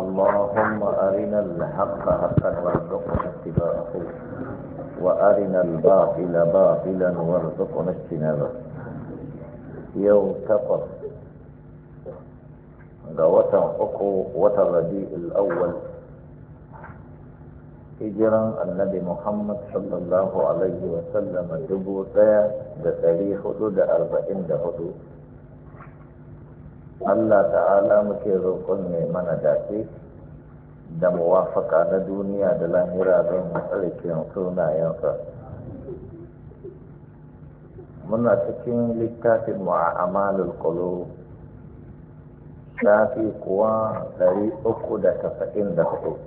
اللهم أرنا الحق حقا وارزقنا اتباعه وأرنا الباطل باطلا وارزقنا اجتنابه يوم تقر غوتا أكو وتردي الأول اجرا النبي محمد صلى الله عليه وسلم دبوتا بتاريخ حدود أربعين حدود Allah ta'ala muke roƙon ne mana dace da muwafaka na duniya da lahira don matsalikin sunayensa muna cikin littafin a mu'amalul Kulu. shafi kuwa ɗari uku da tasa'in da hudu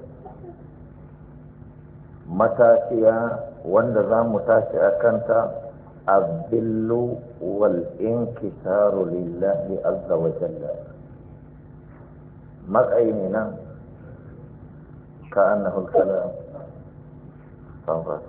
matashiya wanda za mu tashi a kanta الذل والانكسار لله عز وجل مدعينا كأنه الكلام تنظر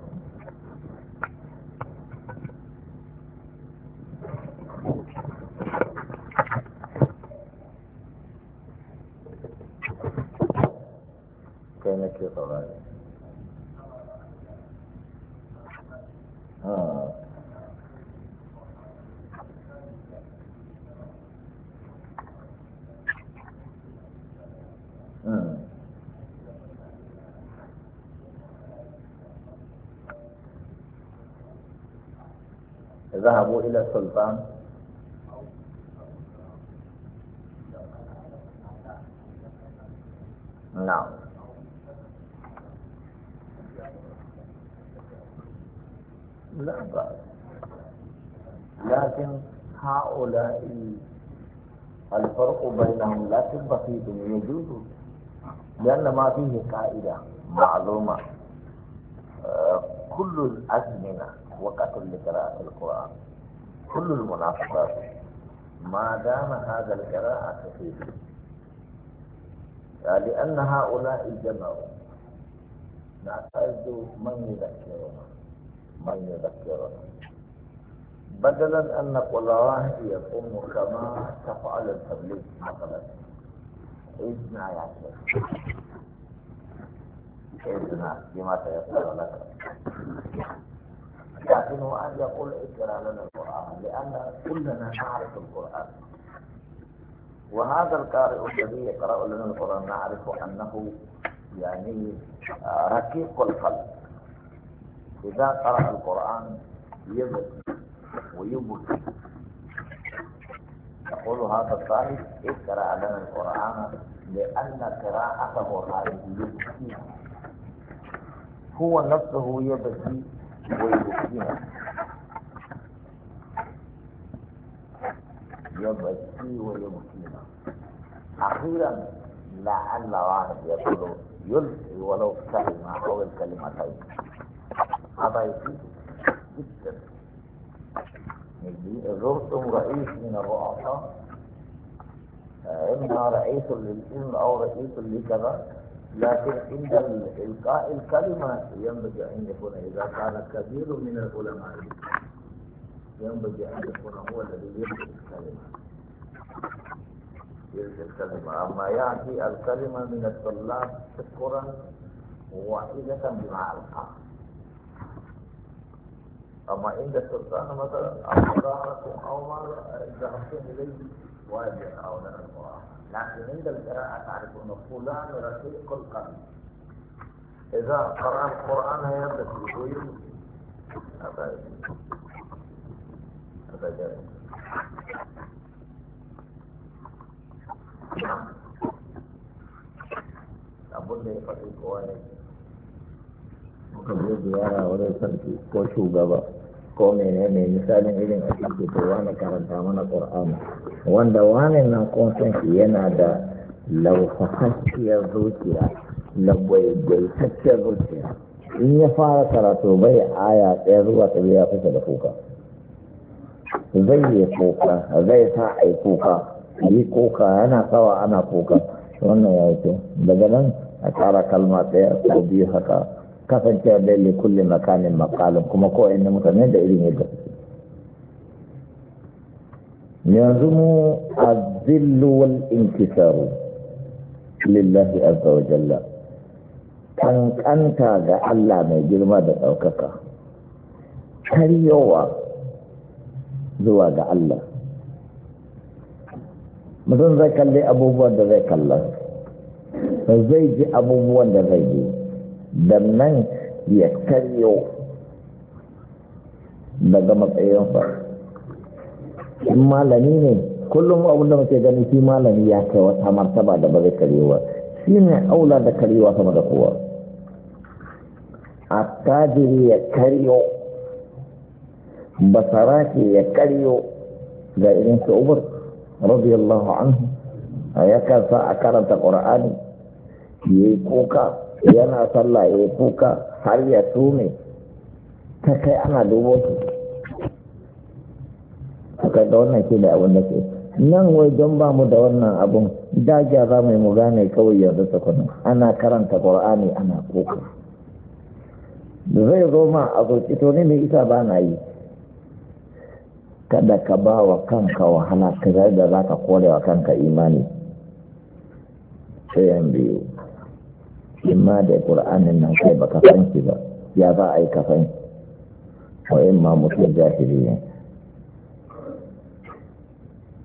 إلى السلطان نعم لا بأس لكن هؤلاء الفرق بينهم لكن بسيط يجوز لأن ما فيه قاعدة معلومة آه، كل الأزمنة وقت لقراءة القرآن كل المناسبات ما دام هذا القراءة كثيرة لأن هؤلاء جمعوا نعتقد من يذكرنا من يذكرنا بدلا أن نقول الله يقوم كما تفعل التبليغ مثلا إذنا يا شيخ إذنا بما تيسر لك لكنه أن يقول اقرأ لنا القرآن لأن كلنا نعرف القرآن وهذا القارئ الذي يقرأ لنا القرآن نعرف أنه يعني آه، رقيق القلب إذا قرأ القرآن يبكي ويبكي يقول هذا الطالب اقرأ لنا القرآن لأن قراءته هذه يبكي هو نفسه يبكي ويبكيها يبكي ويمكينا أخيرا لعل واحد يقول يلقي ولو كلمة أو الكلمتين هذا يفيد جدا زرتم رئيس من الرؤساء إما رئيس للإم أو رئيس لكذا لكن عند إلقاء الكلمة ينبغي أن يكون إذا كان كثير من العلماء ينبغي أن يكون هو الذي يلقي الكلمة يلقي الكلمة أما يأتي الكلمة من الطلاب شكرا واحدة بما ألقى أما عند السلطان مثلا أو مظاهرة أو مره ذهبتم إليه واجب أو لا المؤاخذة لكن عند القراءة تعرف أن فلان رفيق القلب إذا قرأ القرآن هيبدأ يقول أبدا أبدا abin da ya faɗi kowa ne في je ko mene mai misalin irin a cikin wani karanta mana ƙur'ani wanda wani nan kwanton shi yana da lausasasshiyar zuciya lagwaigwaitacciyar zuciya in ya fara karatu bai aya ɗaya zuwa ta biya kusa da kuka zai yi kuka zai sa a yi kuka yi kuka yana sawa ana kuka wannan ya yi daga nan a kara kalma ɗaya ko biyu haka kasancewa da le kulle makanin makalin kuma ko ne mutane da irin yadda yanzu mu azillu wal inkisaru lillahi azza wa jalla kankanta ga Allah mai girma da ɗaukaka karyowa zuwa ga Allah mutum zai kalli abubuwan da zai kalla zai ji abubuwan da zai yi. dan nan ya karyo daga matsayinsa in malami ne kullum abin da muke gani shi malami ya kai wata martaba da ba zai karyewa shi ne aula da karyewa sama da kowa tajiri ya karyo ke ya karyo ga irin su radiyallahu anhu a yakan sa a karanta ƙura'ani ya yi kuka yana sallah ya kuka har ya tume ta kai ana dubo su aka da wannan ke da abin da ke nan wai don ba mu da wannan abun dajiya za mu yi mu gane kawai yanzu tukunan ana karanta qur'ani ana kuka zai zo a zuci to ne mai isa ba na yi kada ka ba wa kanka wahala ka da za ka kore wa kanka imani sai biyu imma da ƙur'anin nan kai ba shi ba ya za a yi kafan wa imma mutum jahili ne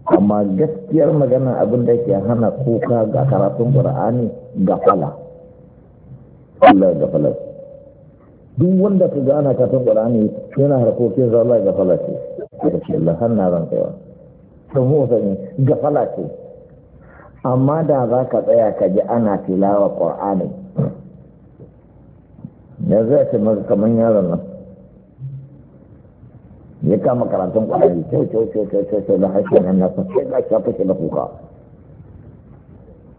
amma gaskiyar magana abin da ke hana kuka ga karatun ƙur'ani ga fala Allah ga fala duk wanda ka gana karatun ƙur'ani yana harkokin zalla ga fala ce da ke lahan na ran kaiwa sun hosa ne ga fala ce amma da za ka tsaya ka ji ana tilawa ƙur'ani ya zai ce maka kamar yaron nan ya kama karatun kwanari kyau kyau kyau kyau kyau kyau da harshen nan na fashe ga ka fashe na kuka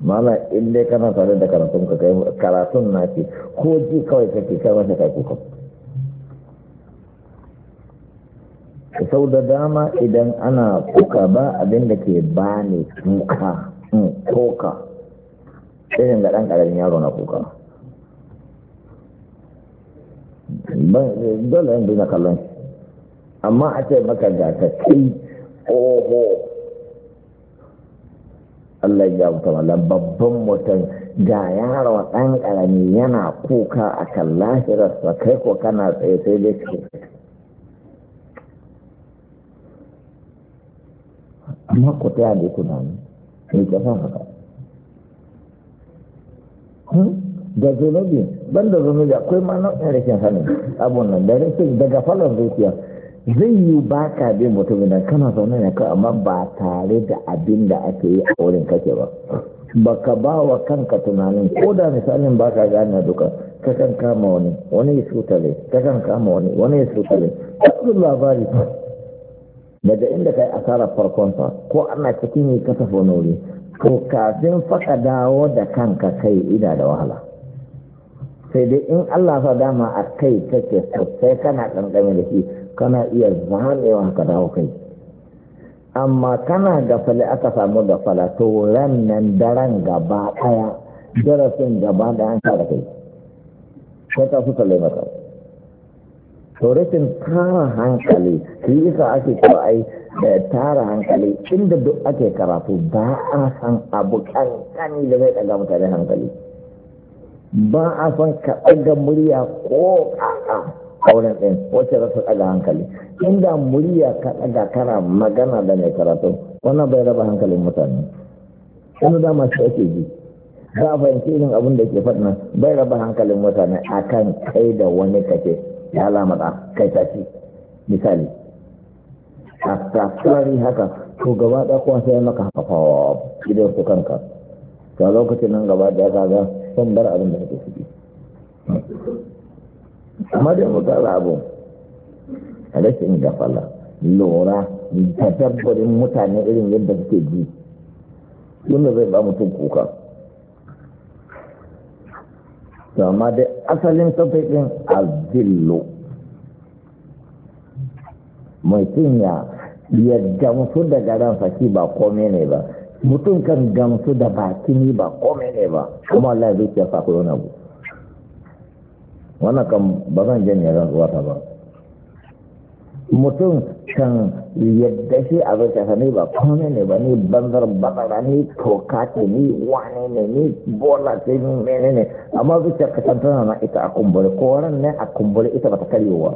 mana in dai kana tare da karatun ka kai karatun na ce ko ji kawai kake kai masa kai kuka sau da dama idan ana kuka ba abin da ke ba ne kuka koka irin ga ɗan ƙaramin yaro na kuka dole yin duna kallon amma a ce maka ga ta kai oho Allah ya wuta wala babban mutum ga yaro ɗan ƙarami yana kuka a kan lahirarsa kai ko kana tsaye sai dai ce amma ku ta ne ne mai san haka da zunubi ban da zunubi akwai ma nau'in rashin sanin abun nan da rashin daga falon zuciya zai yi ba ka bi mutum da kana zaune ne kawai amma ba tare da abin da ake yi a wurin kake ba ka ba wa kanka tunanin ko da misalin ba ka gane duka ka kama wani wani ya sutale ka kama wani wani ya sutale abin labari daga inda ka yi kai farkon sa ko ana cikin yi ka tafi wani wuri kafin faka dawo da kanka kai ina da wahala sai dai in Allah fa dama a kai take sosai kana ƙanƙame da shi kana iya zamewa ka dawo kai amma kana gafale aka samu gafala to ran nan daren gaba ɗaya darasin gaba da an kara kai ko ta kalle mata. to rashin tara hankali shi isa ake cewa ai da tara hankali inda duk ake karatu ba a san abu kankani da zai ɗaga mutane hankali ba a san ka ɗaga murya ko ƙaƙa a wurin ɗin wacce rasa ɗaga hankali inda murya ka ɗaga kana magana da mai karatu wannan bai raba hankalin mutane wani dama shi ake ji za a fahimci irin abin da ke faɗi bai raba hankalin mutane a kan kai da wani kake ya alamata kai tashi misali a tafiyari haka to gaba ɗaya ya maka haka fawa gidan su kanka to lokacin nan gaba ɗaya kaga son bar abin da kake ciki amma da mu tsara abin rashin gafala lura da dabbarin mutane irin yadda suke ji wanda zai ba mutum kuka to amma dai asalin safaɗin azillo mai cinya yadda gamsu daga ran faki ba kome ne ba mutum kan gamsu da bakini ba kome ne ba kuma Allah zai ce sa na. wannan kan ba zan ya zan ba mutum kan yadda shi a zai kasa ne ba kome ne ba ni banzar bazara ni toka ce ni wane ne ni bola ce ni mene ne amma zuciya kasan tantana na ita a kumbure ko ne a kumbure ita ba ta karyewa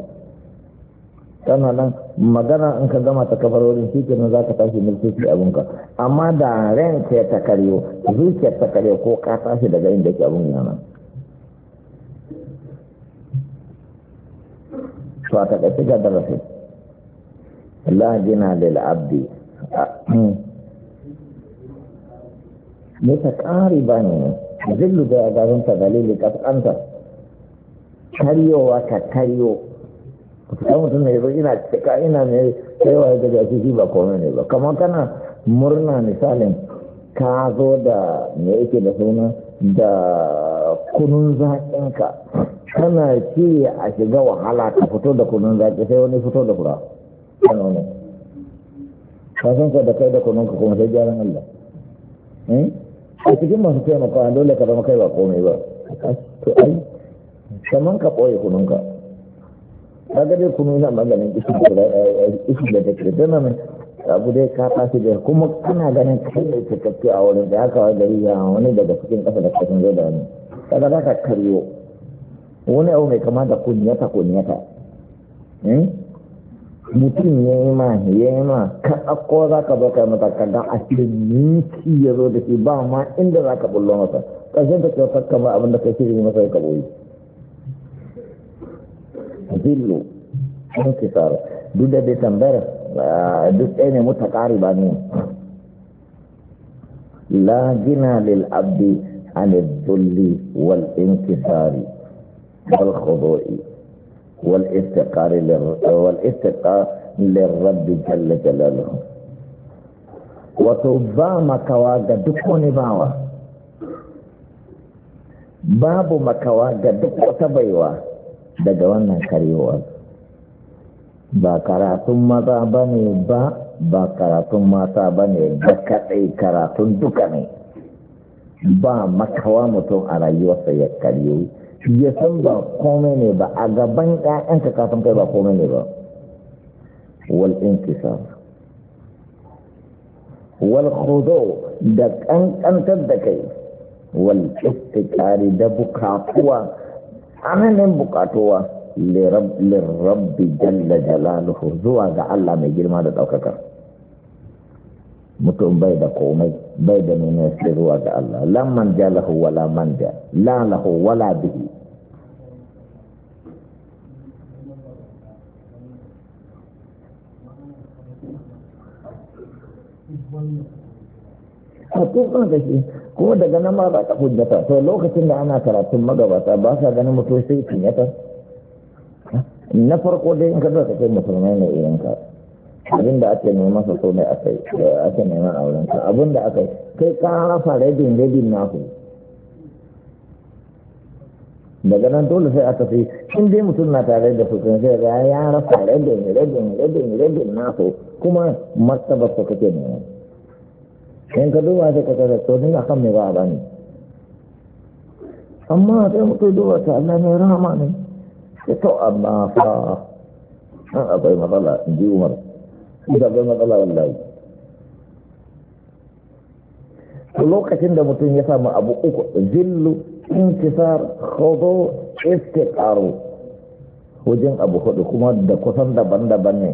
kana nan magana in ka gama ta kafar wurin shi nan za ka tashi mulki ka. amma da ranka ya ta karyo zuciya ta ko ka tashi daga inda ke abin yana to a takaice ga darasi la jina lil abdi ne ah, hmm. ta kari ba ne zillu da ya garin ta dalili kaskanta karyowa ka karyo kan mutum ne zai ina cika ina ne sai wa daga jaki ba komai ne ba kamar kana murna misalin ka zo da me yake da suna da kunun zaƙinka kana ce a shiga wahala ka fito da kunun zaƙi sai wani fito da kura kano ne ka san ka da kai da kunun ka kuma sai gyaran Allah eh? a cikin masu taimakawa dole ka zama kai ba komai ba to ai kaman ka ɓoye kununka kaga dai yana maganin isu da isu da take dana abu dai ka tashi da kuma kana ganin kai ne cikakke a wurin da haka wani gari ya wani daga cikin kasa da kasan zo da wani kaga za ka karyo wani abu mai kama da kunyata kunyata hmm? mutum ya yi ma ya yi ma ka ɗauko za ka zo kai mata ka ga a cikin miki ya zo da shi ba ma inda za ka bullo masa ƙarshen da kyautar ka ba abin da kai shirin masa ya ka boye zillu inkisar duk da dai tambayar duk ɗaya ne ba ne la gina lil abdi عن الذل والانكسار rabbi والافتقار والافتقار للرب جل جلاله ga duk wani bawa babu makawa ga duk wata baiwa daga wannan karyowar ba karatun maza ba ne ba ba karatun mata ba ne ba kaɗai karatun duka ne ba makawa mutum a rayuwarsa ya karyo ya san ba komai ne ba a gaban ƴaƴanka ka kai ba komai ne ba wal inkisar wal khudo da ƙanƙantar da kai wal istiqari da bukatuwa tsananin bukatuwa lirabbi jalla jalaluhu zuwa ga Allah mai girma da ɗaukaka mutum bai da komai bai da nuna sai zuwa ga Allah lamman jalahu wala manja lalahu wala bihi Thank you. ka tutsuna da shi kuma daga nan ma ba ka hujjata to lokacin da ana karatun magabata ba sa ganin mutum sai tinyata na farko dai in ka zo ka kai musulmai ne irin ka abin da ake nema sa so ne akai ake nema a wurin ka abin da akai kai ka rafa rabin rabin naku daga nan dole sai aka fi in dai mutum na tare da su sun sai ya rafa rabin rabin rabin rabin naku kuma martaba ka kake nema yang kedua duba kata ka ni akan merah ba a bani amma sai mutum duba ta Allah mai rahama ne sai to amma ah, fa an akwai matsala in ji umar ita akwai matsala wallahi lokacin da mutum ya sama abu uku zillu intisar khudu istiqaru wajen abu hudu kuma da kusan daban-daban ne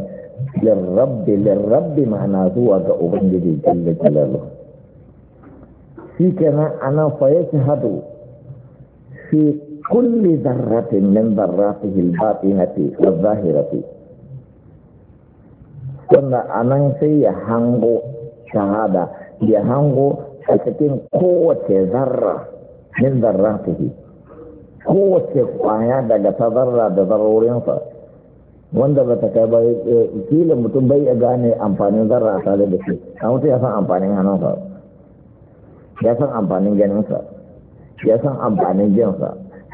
lirrabbi lirrabbi ma'ana zuwa ga ubangiji jalla jalalu shi kenan ana fa yashhadu fi kulli dharratin min dharratihi al-batinati wadh-dhahirati wannan anan sai ya hango shahada ya hango a cikin kowace zarra min zarratihi kowace kwaya daga ta zarra da zarorinsa wanda ba ta kai ba eh, eh, kila mutum bai ya gane amfanin zarra a tare da shi a mutum ya san amfanin hannunsa ya san amfanin ganinsa ya san amfanin jinsa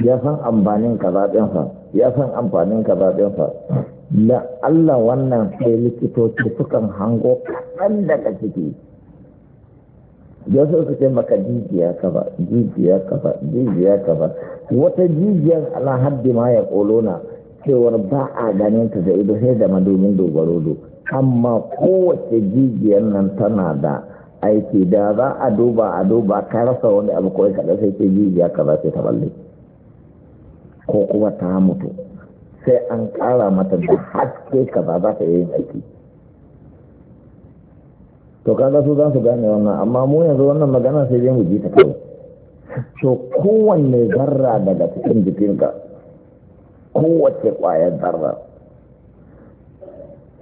ya san amfanin kazaɗinsa ya san amfanin kazaɗinsa da Allah wannan sai likitoci sukan hango kaɗan daga ciki ya su ce maka jijiya kaza jijiya kaza jijiya kaza wata jijiyar alhaddi ma ya ƙolona cewar ba a ganin ta da ido sai da madomin dogaro amma kowace jijiyar nan tana da aiki da za a duba a duba ka rasa wani abu kawai kaɗa sai ke jijiya ka za ta balle ko kuma ta mutu sai an ƙara mata da haske ka ba za ta yi aiki to kaga su za su gane wannan amma mu yanzu wannan magana sai dai mu ji ta kawai to kowanne zarra daga cikin jikinka kowace ƙwayar zarra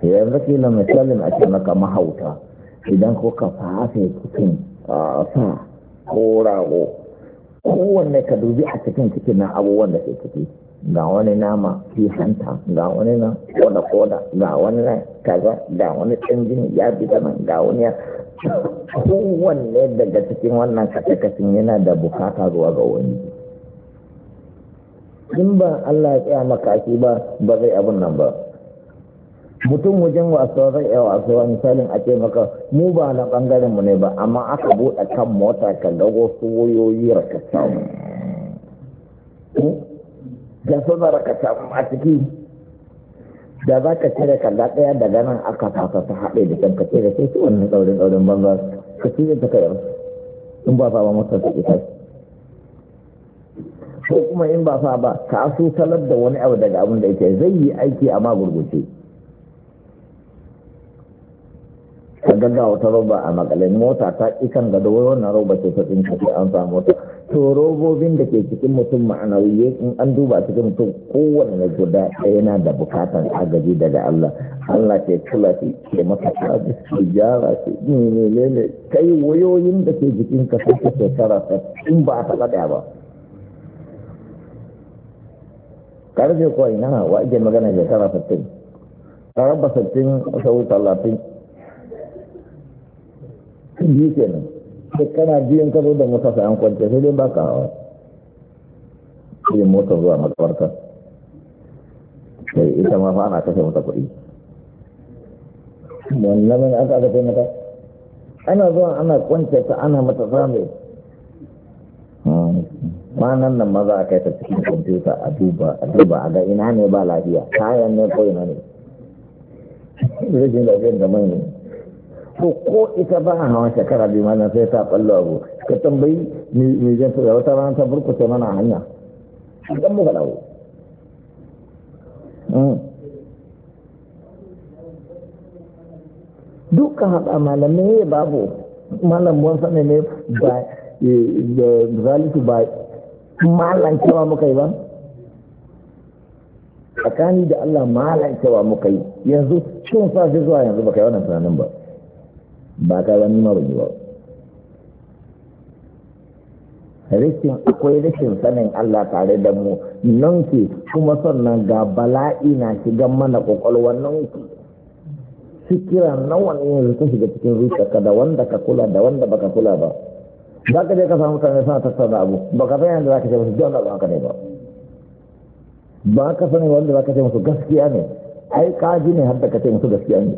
yanzu kila misalin a ce maka mahauta idan ko ka fafe cikin sa ko rago kowanne ka dubi a cikin cikin na abubuwan da ke ciki ga wani nama fi hanta ga wani na koda koda ga wani na kaza ga wani canjin ya bi nan ga wani ya kowanne daga cikin wannan kasa yana da bukata zuwa ga wani in ba Allah ya tsaya maka ake ba ba zai abin nan ba mutum wajen wasuwa zai iya wasuwa misalin a ce maka mu ba na bangaren mu ne ba amma aka buɗe kan mota ka ga wasu wayoyi rakata hmm? ga suna rakata a ciki da za ka cire kalla ɗaya daga nan aka fasa ta haɗe da kan kace da sai su wannan ɗaurin ɗaurin banza ka cire ta kayar in ba sa ba masa ta ita ko kuma in ba sa ba ka su salar da wani abu daga abin da yake zai yi aiki a gurgurce ka gaga wata roba a makalin mota ta ikan gado wai wannan roba ce ta tsinka ce an samu mota to robobin da ke cikin mutum ma'anawiye in an duba cikin mutum kowanne guda ɗaya yana da bukatan agaji daga Allah Allah ke kula shi ke maka sabis ke gyara shi ne ne ne kai wayoyin da ke jikin ka sai shekara ta in ba a taɓa ɗaya ba karfe kuwa ina wa ake magana da tara sittin tara ba sittin sau talatin biyu nan sai kana biyun ka zo da mota sai an kwance sai dai baka hawa sai mota zuwa makabarta sai ita ma fa ana kashe mata kuɗi wannan ne aka aka mata ana zuwa ana kwance ta ana mata zamai kwanan nan maza a kai ta cikin kwamfuta a duba a duba a ga ina ne ba lafiya kayan ne ko ina ne rashin lafiyar da mai ne ko ko ita ba a hawan shekara biyu mana sai ta ballo abu ka tambayi mai zai da wata rana ta burkuta mana hanya A dan muka dawo hmm. dukkan haɗa malamai babu malam wansa ne ba eh, eh, zalitu ba malancewa muka yi ba tsakani da Allah malancewa muka yi yanzu cikin sashi zuwa yanzu baka yi wannan tunanin ba ba ka wani ma ba rikin akwai rikin sanin Allah tare da mu nan ke kuma sannan ga bala'i na shigan mana kwakwalwa nan ke fikira nawa ne yanzu ta shiga cikin zuciyarka da wanda ka kula da wanda baka kula ba za ka je ka samu mutane suna tattauna abu ba ka san da za ka ce musu dole ba ka ne ba ba ka sani wanda za ka ce musu gaskiya ne ai kaji ne har da ka ce musu gaskiya ne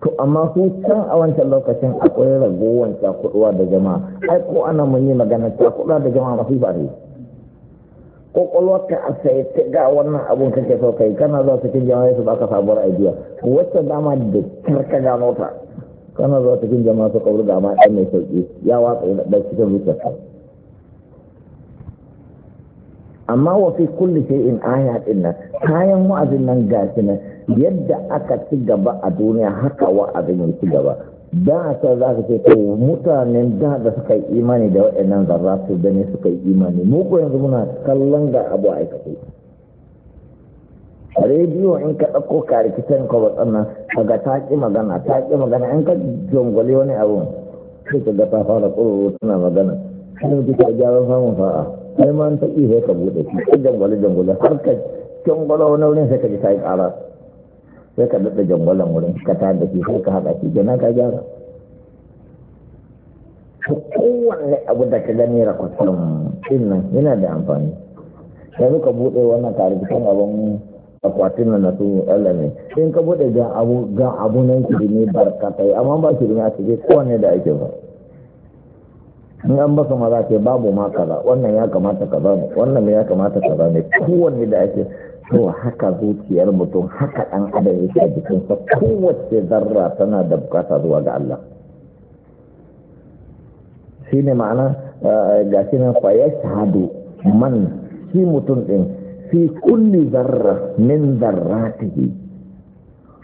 to amma su can a wancan lokacin akwai ragowar cakuɗuwa da jama'a ai ko ana mun yi magana cakuɗuwa da jama'a masu ba ne kwakwalwarka a sai ta ga wannan abun kake so kai kana zuwa cikin jama'a su baka sabuwar aidiya wacce dama da kyar ka gano ta kana zuwa cikin jama'a su kawo da ma mai sauƙi ya watsa da ɗan cikin zuciyarsa amma wa fi kulli shay'in aya din nan kayan wa'azin nan gashi nan yadda aka ci gaba a duniya haka wa'azin ya ci gaba da ta za ka ce ko mutanen da da suka yi imani da waɗannan zarra su ne suka yi imani mu ko yanzu muna kallon ga abu aikata rediyo in ka ɗauko ka rikicin ka watsan nan kaga ta ƙi magana ta ƙi magana in ka jongole wani abu sai ka ga ta fara tsoro tana magana sai mutu ka gyara samun fa'a sai ma ta ƙi sai ka buɗe shi ka jongole jongole har ka jongole wani wurin sai ka ji ta yi ƙara sai ka daɗa jongolen wurin ka ta da shi sai ka haɗa shi gana ka gyara. kowanne abu da ka gani rakwatan ɗin nan yana da amfani. sai ka buɗe wannan kan abin akwatin na nasu Allah in ka bude ga abu ga abu nan kirimi ne barkatai amma ba kirimi a cikin kowane da ake ba in an baka maza ce babu ma kaza wannan ya kamata kaza ne wannan ya kamata kaza ne kowanne da ake to haka zuciyar mutum haka dan adam yake a sa kowace zarra tana da bukata zuwa ga Allah shine ma'ana eh, ga shi nan fa yashhadu man shi mutum din fi kulli zarra min zarratihi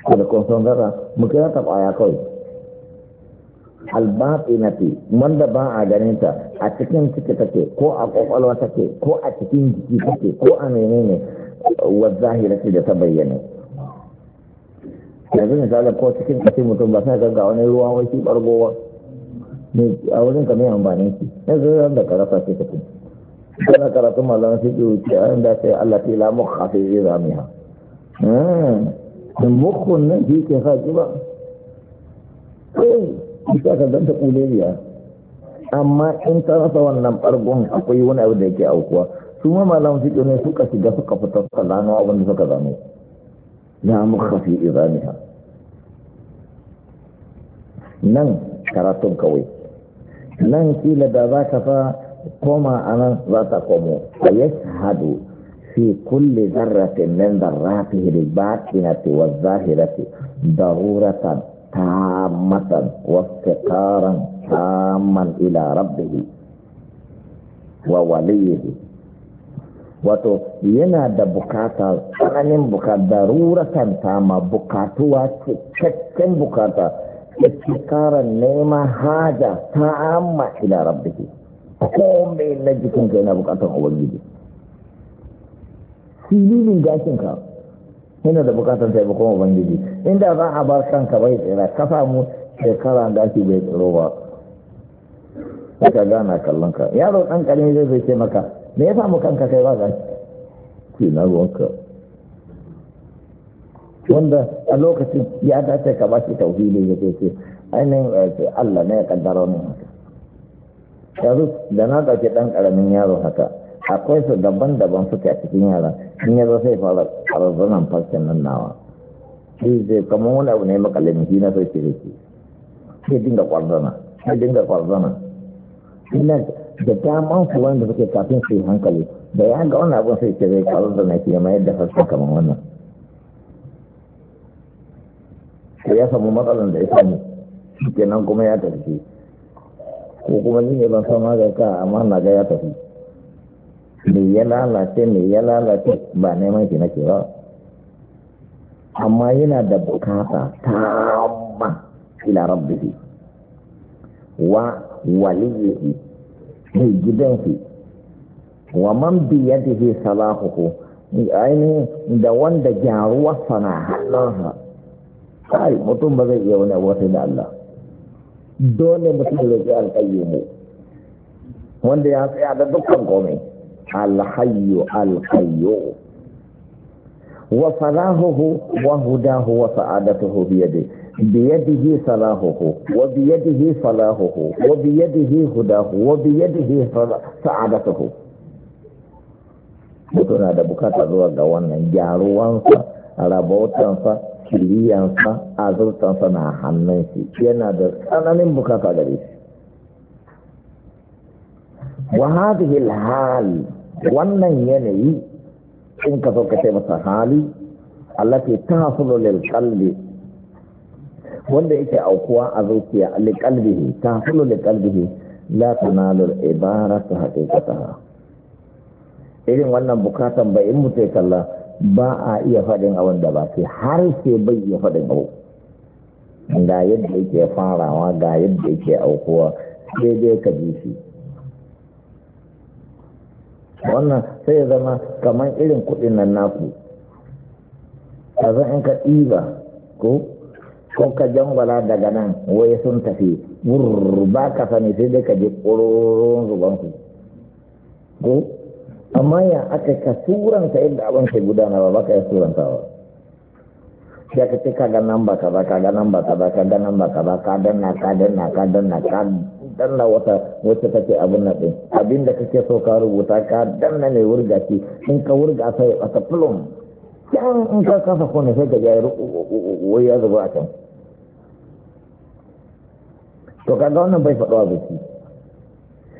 ko da kun san zarra mu kira ta kwaya kawai albatinati wanda ba a ganin ta a cikin ciki take ko a kwakwalwa take ko a cikin jiki take ko a menene wa ce da ta bayyana yanzu misalin ko cikin kashe mutum ba sai ga wani ruwa wai shi bargowa a wurin ka mai amfani shi yanzu da ka ce ta ka kana karatu malaman fiƙi wuce a ah, da sai Allah ta lamu hafi zai zami ha mukun nan shi ke sa ki ba sai ita ka danta kuleriya amma in ta rasa wannan ɓargon akwai wani abu da yake aukuwa ah. su ma malaman fiƙi ne suka shiga suka fitar suka gano abin da suka gano lamu mukhafi ah, izamiha nan karatun kawai eh. nan kila da za ka fa koma anan za ta komo a ya shahadu fi kulle zarratin min zarratihi da ta, wa zahira ta, zahirati ta, tamatan wa fitaran taman ila rabbihi wa waliyihi wato yana da bukata tsananin bukata daruratan tama bukatuwa cikakken bukata istikarar neman haja ta amma ila rabbihi komai na ka yana bukatar ubangiji filin gashinka yana da bukatar taimakon ubangiji inda za a bar kanka bai tsira ka samu shekara ake bai tsiro ba ka gana kallon ka yaro ɗan ƙarami zai zai ce maka me ya samu kanka kai ba gashi ke na ruwanka wanda a lokacin ya dace ka ba shi tauhili ya ce ainihin eh, Allah ne ya kaddara wani haka yanzu da na ɗauki ɗan ƙaramin yaro haka akwai su daban-daban suke a cikin yara in ya sai fara ƙararrunan farcen nan nawa shi zai kama wani abu ne makalin shi na sai ce da shi sai dinga ƙwarzana sai dinga ƙwarzana ina da daman su wanda suke kafin su yi hankali da ya ga wani abu sai ce zai ƙwarzana shi ma yadda farcen kama wannan ya samu matsalan da ya samu kenan kuma ya tafi ko kuma ni ne ban san ka amma na ga ya tafi me ya lalace me ya lalace ba neman shi nake ba amma yana da bukata ta tamma ila rabbihi wa waliyihi gidan gidanki wa man yadihi salahuhu ainihin da wanda gyaruwarsa na hannunsa kai mutum ba zai iya wani abu da Allah dole mutum roƙi alƙayyumu wanda ya tsaya da dukkan komai alhayyu alqayyu wa salahuhu wa hudahu wa sa'adatuhu biyadihi biyadihi salahuhu wa biyadihi salahuhu wa biyadihi hudahu wa biyadihi sa'adatuhu mutuna na da bukata zuwa ga wannan gyaruwansa rabautansa a azurtansa na hannun shi yana da tsananin bukata gare shi wa hadhihi hali wannan yanayi in ka so ka ce masa hali allati tahsulu lil qalbi wanda yake aukuwa a zuciya li na tahsulu li qalbihi la tanalu al ibaratu haqiqataha irin wannan bukatan ba in mutai kalla ba a iya faɗin abin da ba sai har sai bai iya faɗin abu ga yadda yake farawa ga yadda yake aukuwa sai dai ka ji shi wannan sai ya zama kamar irin kuɗin nan naku zan in ka ɗiba ko ko ka jangwala daga nan wai sun tafi wurr ba ka sani sai dai ka ji ƙoron zubansu ko amma ya aka ka turanta yadda abin ka gudana ba baka ya turanta ba ya ka ce kaga nan ba ba kaga nan ba ba kaga nan ba ba ka danna ka danna ka danna ka danna wata wacce ce abin na ɗin abin da kake so ka rubuta ka danna ne wurga ce in ka wurga sai ta plum can in ka kasa kone sai ka ga wai ya zuba a can to kaga wannan bai faɗo a biki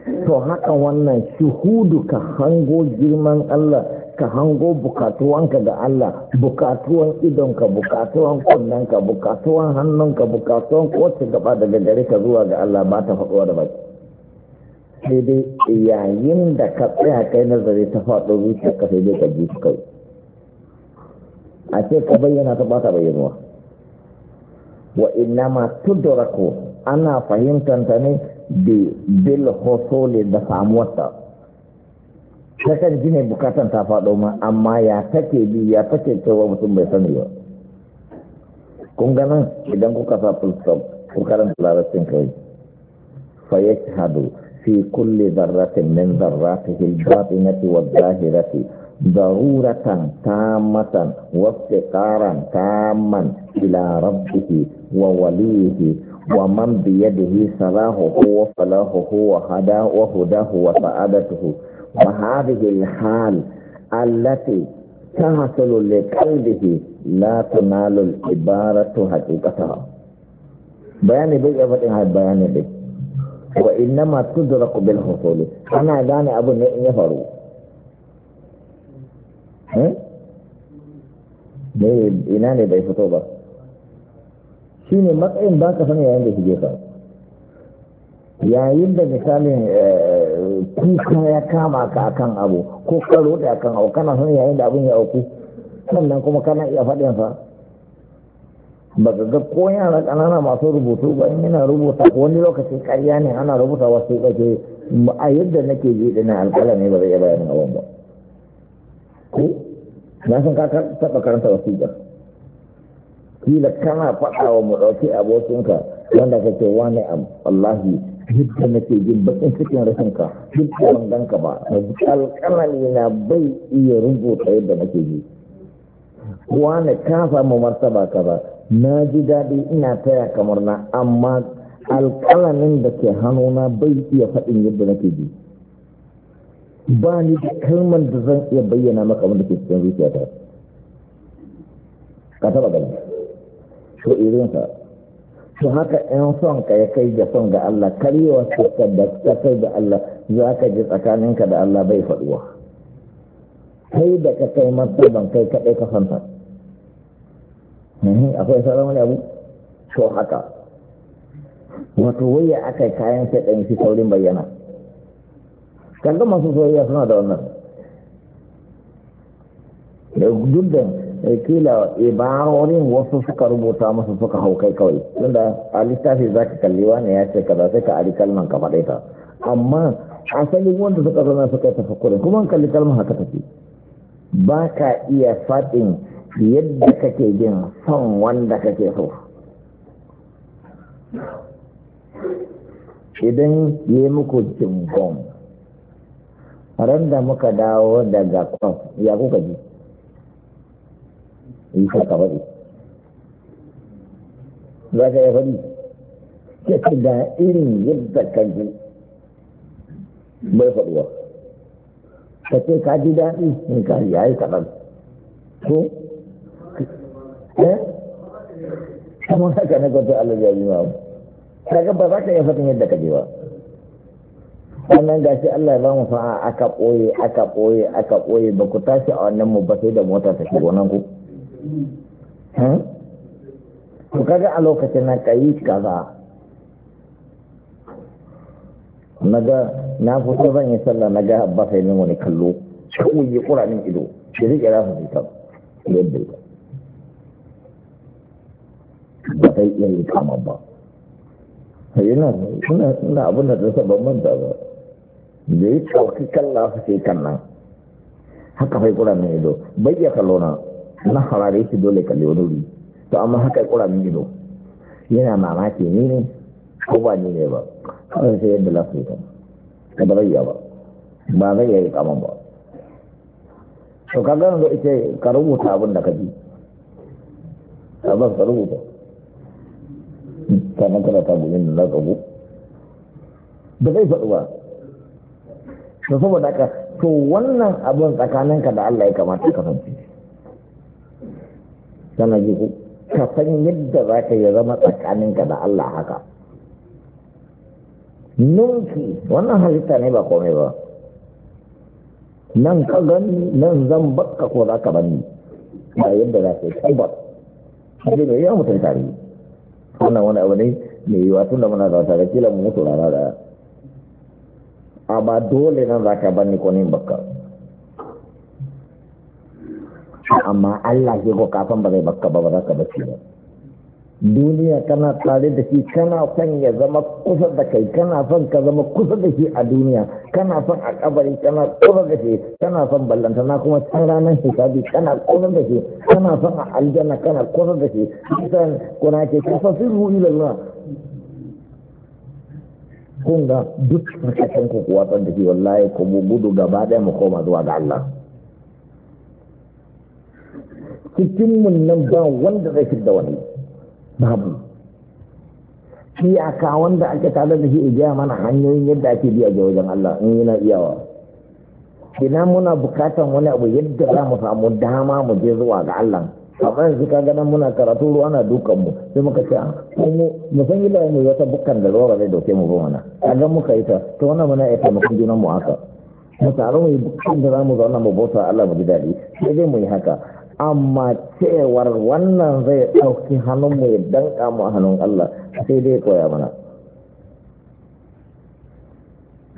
to haka wannan shuhudu ka hango girman Allah ka hango bukatuwanka ga Allah bukatuwan idonka bukatuwan kunnenka bukatuwan hannunka bukatuwan kowace gaba daga gare ka zuwa ga Allah ba ta faɗuwa da baki sai dai yayin da ka tsaya kai nazari ta faɗo zuciya ka sai dai ka ji kai a ce ka bayyana ta ba ta bayyanuwa wa inna ma tudurako ana fahimtanta ne bil hosole da samuwarta kakan ji ne bukatan ta faɗo ma amma ya take bi ya take cewa mutum bai sani ba kun gana idan kuka sa full stop ku karanta larabcin kai fa hadu fi kulli dharratin min dharratihi al-batinati wadh ta daruratan tamatan wa ƙaran tamman ila rabbihi wa waliyihi wa man biyadihi salahuhu wa falahuhu wa hada wa hudahu wa sa'adatuhu wa hadhihi al-hal allati tahsulu li qalbihi la tunalu al-ibaratu haqiqataha bayani bai ya faɗin har bayani dai wa innama ina ne bai fito ba shi ne matsayin ba ka sani yayin da shige ka yayin da misalin eh, kuka ya kama ka akan abu ko karo da akan abu kana sani yayin da abin ya auku sannan kuma kana iya faɗin fa ba ga ko yara ƙanana masu rubutu ba in yana rubuta wani lokaci karya ne ana rubuta wasu ɓace a yadda nake ji ɗina alƙala ne ba zai iya bayanin abin ba ko na san ka taɓa karanta wasu ba kila kana faɗa wa mu ɗauki abokinka wanda ka ce wani am. wallahi yadda ke jin bakin cikin rashinka yadda ban ganka ba alƙalami na bai iya rubuta yadda na ke ji wani ka samu martaba ka ba na ji daɗi ina taya kamar na amma alƙalamin da ke hannuna bai iya faɗin yadda na ke ji ba ni da kalmar da zan iya bayyana maka wanda ke cikin zuciyata ka taɓa gani to irinsa to haka in son ka ya kai da son ga Allah karyewa ka da ka kai da Allah za ka ji tsakaninka da Allah bai faduwa kai da ka kai masa ban kai kaɗai ka fanta akwai sauran wani abu to haka wato waya aka kayan sai ɗan shi saurin bayyana kanga masu soyayya suna da wannan da da Eh, kila ibarorin eh, wasu suka rubuta masu suka hau kai kawai tunda a littafi za ka kalli wani ya ce kaza sai ka ari kalman ka faɗe ta amma asalin wanda suka zama suka yi tafakkuri kuma kalli kalman haka tafi ba ka iya faɗin yadda kake jin son wanda kake so idan yi muku jingon ran da muka dawo daga kwan ya kuka ji yi ka ka faɗi za ka yi faɗi ke ka ga irin yadda ka ji bai faɗuwa ka ce ka ji daɗi in ka yi ya yi kaɗan to eh kamar haka na kwanta Allah ya yi mawa kaga ba za ka iya faɗin yadda ka ji ba sannan gashi Allah ya ba mu fa'a aka ɓoye aka ɓoye aka ɓoye ba ku tashi a wannan mu ba sai da mota ta shigo nan ku to kaga a lokacin na ka kaza naga na fito zan yi sallah na ga ba sai min wani kallo kawai ya kura min ido shi zai kira su fitar yadda ya ba ta iya yi kama ba yana suna suna abin da zai sabon manta ba da ya tsauki kalla su sai kan nan haka fai kura min ido bai iya kallo na na farare shi dole kalli wani wuri to amma haka kura min gido yana mamaki ni ne ko ba ni ne ba kawai sai yadda lafiya ta ba zai ba ba zai yi kama ba to ka gano ita ka rubuta abin da ka ji ba ka rubuta ta nan kana ta gudun da zaka da ba zai faɗi ba to saboda ka to wannan abin tsakaninka da Allah ya kamata ka kasance kana jihu ka san yadda za ka yi zama tsakaninka da Allah haka ninki wannan halitta ne ba komai ba nan ka gani nan zan baka ko za ka bani ba yadda za ka yi tabbas shi ne ya mutum tare wannan wani abu ne mai yiwa tun da muna da tare kila mu mutu rana da a ba dole nan za ka bani ko ne baka. amma Allah ke ko kafan ba zai baka ba za ka bace ba duniya kana tare da shi kana son ya zama kusa da kai kana son ka zama kusa da shi a duniya kana son a kabari kana kusa da shi kana son ballanta na kuma can ranar hisabi kana kusa da shi kana son a aljanna kana kusa da shi kusan kuna ke kusa fa firu da Allah kun ga duk da shi wallahi ku gudu gaba daya mu koma zuwa ga Allah mun nan ba wanda zai fidda wani babu iyaka wanda ake tare da shi igiya mana hanyoyin yadda ake biya ga wajen Allah in yana iyawa ina muna bukatan wani abu yadda za mu samu dama mu je zuwa ga Allah amma yanzu ka ganin muna karatu ruwa na dukan mu sai muka ce ah, mu mu san yadda mu wata bukkan da ruwa ba zai dauke mu ba mana ga muka yi ta to wannan muna iya taimakon junan mu haka mu taru mu yi bukan da za mu zauna mu bauta Allah mu ji daɗi sai dai mu yi haka amma cewar wannan zai ɗauki hannunmu ya danƙa mu hannun Allah sai dai koya mana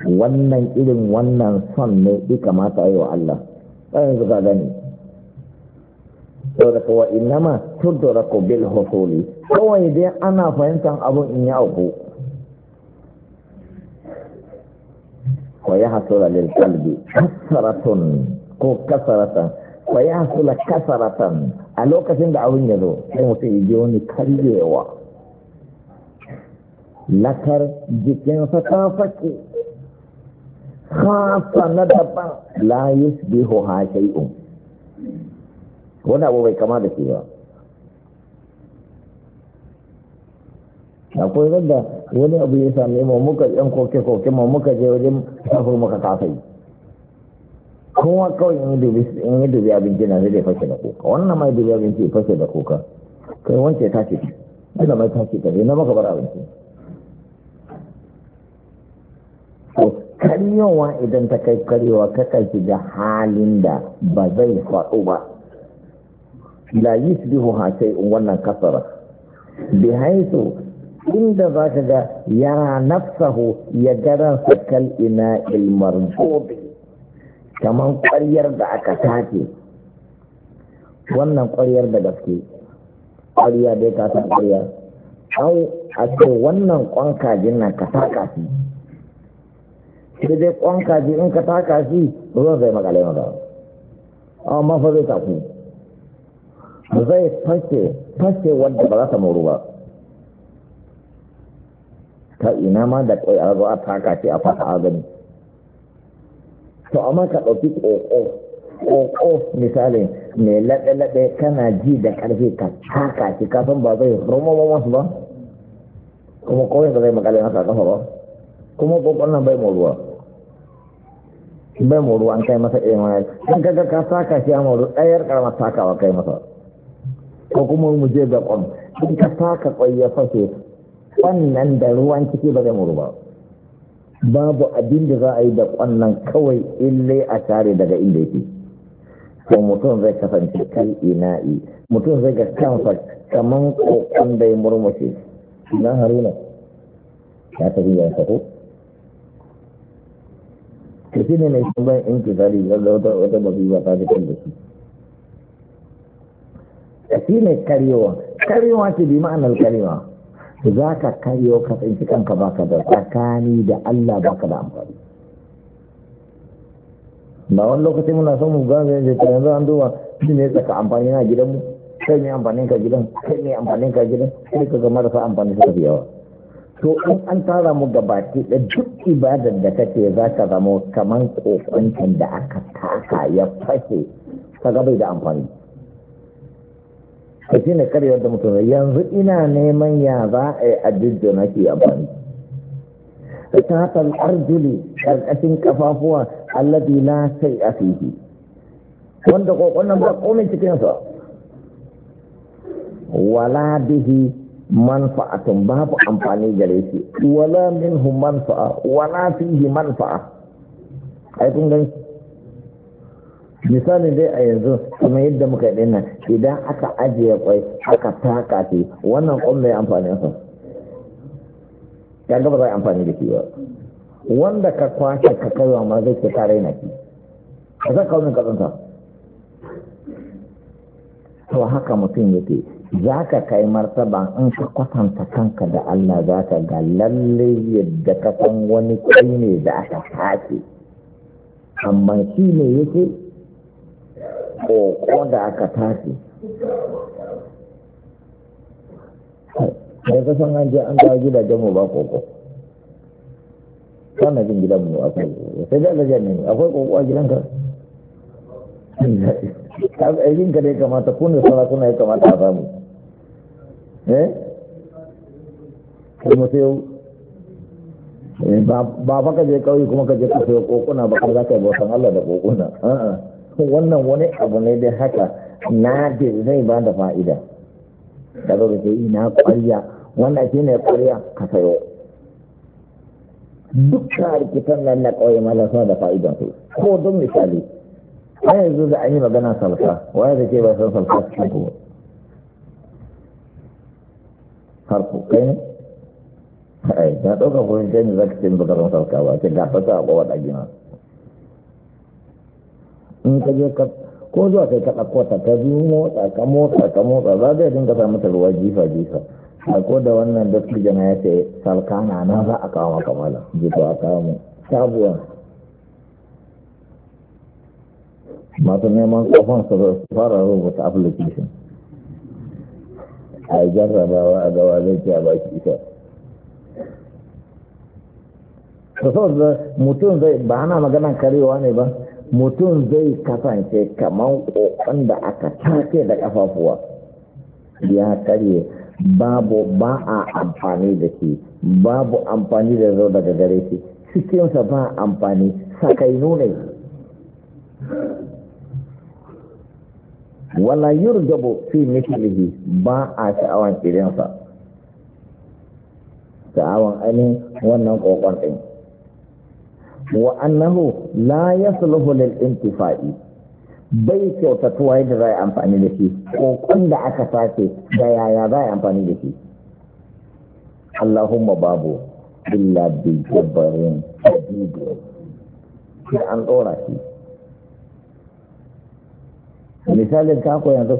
wannan irin wannan son ne ya kamata yi wa Allah ɗayan zuka gani saboda kuwa inama tudduraku bil husuli kawai dai ana fahimtar abun in ya auku wa ya hasura lil qalbi kasaratun ko kasaratan wa ya hasula kasaratan a lokacin da abin ya zo sai mutum ya je wani karyewa lakar jikinsa ta fake khasa na daban layus biyu ha un. wani abu bai kama da shi ba akwai wanda wani abu ya same mu yan koke koke mu muka je wajen kafin muka kafai kowa kawai in yi dubi abinci na zai fashe da kuka wannan mai dubi abinci fashe da kuka kai wance ta ce wannan mai ta ce kare na maka bar abinci to karyowa idan ta kai karyowa ka kai ga halin da ba zai faɗo ba la yusbihu ha in wannan kasara bi haisu inda za ka ga yara nafsahu ya garan kal ina ilmar gobe kamar ƙwaryar da aka tace wannan ƙwaryar da gaske ƙwarya dai ka san ƙwarya au a ce wannan ƙwan kajin nan ka taka shi sai dai ƙwan kaji in ka taka shi ruwan zai makale maka amma fa zai tafi zai fashe fashe wanda ba za ta muru ba ta ina ma da ƙwai a zuwa taka ce a fata a gani to amma ka ɗauki ƙoƙo ƙoƙo misali mai laɗe-laɗe kana ji da ƙarfe ka haka shi ka san ba zai romo masu ba kuma kowai ba zai makale masa kafa ba kuma ƙoƙon nan bai moruwa bai moruwa an kai masa irin wani kan kaga ka saka shi a moru ɗayar ƙaramar sakawa kai masa ko kuma mu je ga ƙon in ka saka ƙwai ya fashe wannan da ruwan ciki ba zai moru ba babu abin da za a yi da ƙwannan kawai illai a tare daga inda yake ko mutum zai kasance kai ina'i mutum zai ga kansa kaman kokon da ya murmushe na haruna ya tafi yansa ko to shi ne mai shugaban in kisari wanda wata mafi ba ta fi kan da shi shi ne karyewa karyewa ce bi ma'anar karyewa za ka karyo ka tsinci kanka baka da tsakani da Allah baka da amfani ba wani lokacin muna son mu gaza yanzu ta yanzu an duba shi ne tsaka amfani na gidanmu kai ne amfanin ka gidan kai ne amfanin ka gidan sai ka da sa amfani suka fi yawa to in an tara mu gabaki da duk ibadar da kake za ka zama kamar kokoncin da aka taka ya fashe ka gaba da amfani a shi ne karyar da mutum yanzu ina neman ya za a yi ajijjo na ke amfani ta hatar arjuli karkashin kafafuwa alladi na sai a fiye wanda kokonan ba komai cikinsa wala bihi manfa'atun babu amfani gare shi wala minhu manfa'a wala fihi manfa'a ai kun misali dai a yanzu kuma yadda muka yi nan idan aka ajiye kwai aka taka ce wannan kwan mai amfani su ya gaba za amfani da shi ba wanda ka kwashe ka kaiwa ma zai ke tare na ki a zan kawo min kasanta to haka mutum yake za ka kai martaba in ka kwatanta kanka da Allah za ka ga lalle yadda ka san wani kai ne da aka hace amma shi ne yake ko da aka tashi da kasan an je an dawo gidajen mu ba koko kana jin gidan mu akwai koko sai da gajen ne akwai koko a gidanka aikin ka dai kamata kuna sana kuna ya kamata a samu eh kuma sai eh, ba ba ka je kauye kuma ka je ka sayo kokuna ba kuma za ka yi bautan Allah da kokuna a'a wannan wani abu ne dai haka na nadir zai ba da fa'ida da zo da ina ƙwarya wannan shi ne ƙwarya ka sayo dukkan rikitan nan na ƙauye malasa da fa'ida su ko don misali a yanzu da an yi magana salsa waya da ke ba san salsa cikin kuma harko kai ne ai na ɗaukar kuma jami'a zaka ce ka zakarin salsa ba ce gafasa a kowa ɗagina in ka je ka ko zuwa kai ka ɗauko ta ka biyu motsa ka motsa ka motsa za ka yi sa mata ruwa jifa jifa a ko da wannan dattijo na ya ce salkana na za a kawo maka mala jito a kawo mu sabuwa masu neman kofan su fara rubuta application a jarrabawa a gawa zai ce a baki ita da saboda mutum zai ba ana magana karewa ne ba mutum zai kasance kamar kokon da aka take da kafafuwa ya karye babu ba a amfani da shi babu amfani da zo daga gare shi cikinsa ba amfani sakainu ne wala yurgabu fi mithlihi ba a sha'awan irinsa sha'awan ainihin wannan kokon ɗin wa annahu la yasluhu lil intifa'i bai kyautatuwa yadda za a yi amfani da shi kokon da aka sace da yaya za a yi amfani da shi Allahumma babu illa bi jabbarin shadidu sai an dora shi misalin ka ko yanzu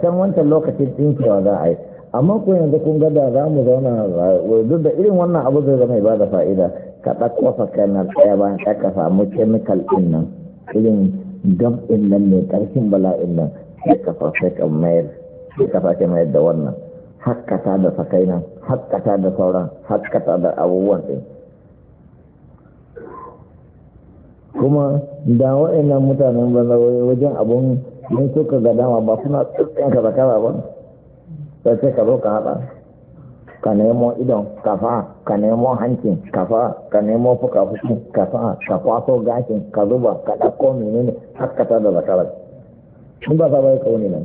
can wancan lokacin tsinkewa za a yi amma ko yanzu kun ga da za mu zauna duk da irin wannan abu zai zama ba fa'ida ka ɗauko sakainar ɗaya ba ka ka samu kemikal ɗin nan irin gam ɗin nan mai ƙarfin bala'in nan sai ka mayar sai ka mayar da wannan hakkata da sakainan hakkata da sauran hakkata da abubuwan ɗin kuma da wa'annan mutanen banza wajen abun yin suka ga dama ba suna tsirtsin zakara ba sai ka zo ka haɗa ka nemo idon kafa ka nemo hancin kafa ka nemo fuka fushi kafa ka kwaso gashin ka zuba ka ɗauko menene haskata da zakarar in ba sa bai kauni nan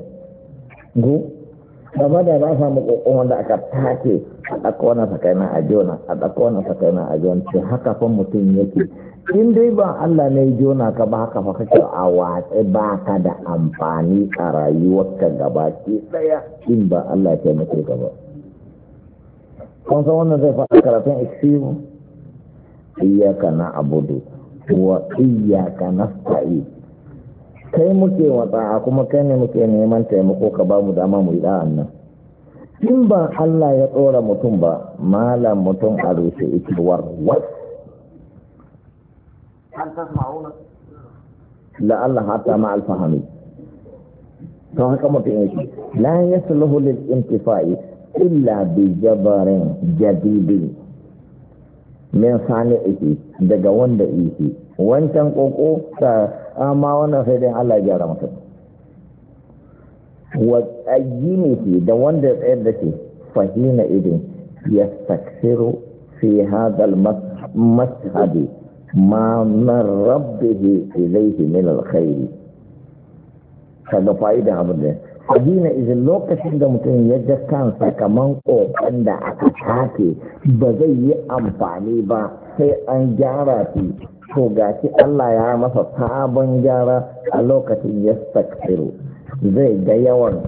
gu gaba da ba samu kokon da aka take a ɗauko wani sakaina a jona a ɗauko wani sakaina a jona ce haka fa mutum yake in dai ba Allah ne jona ka ba haka fa kake a watsa ba ka da amfani a rayuwarka gaba ki ɗaya in ba Allah ya taimake ka ba. kun san wannan zai faɗa karatun iksiyu iyaka na abudu wa iyaka na sa'i kai muke watsa kuma kai ne muke neman taimako ka ba mu dama mu yi da'an nan in ba Allah ya tsora mutum ba malam mutum a rushe ita la Allah hata ma alfahami to haka mutum yake la yasluhu lil intifa'i illa bi jabarin jadidin min sani iki daga wanda iki wancan koko ta amma wannan sai dai Allah ya gyara masa wa ayyinihi da wanda tsayar da ke fahina idin ya taksiru fi hadal mashadi ma min rabbihi ilaihi min alkhairi kaga fa'ida abin da sabina izin lokacin da mutum ya ga kansa kamar ƙoƙon da aka take ba zai yi amfani ba sai an gyara fi to shi Allah ya masa sabon gyara a lokacin ya stakfiru zai ga yawan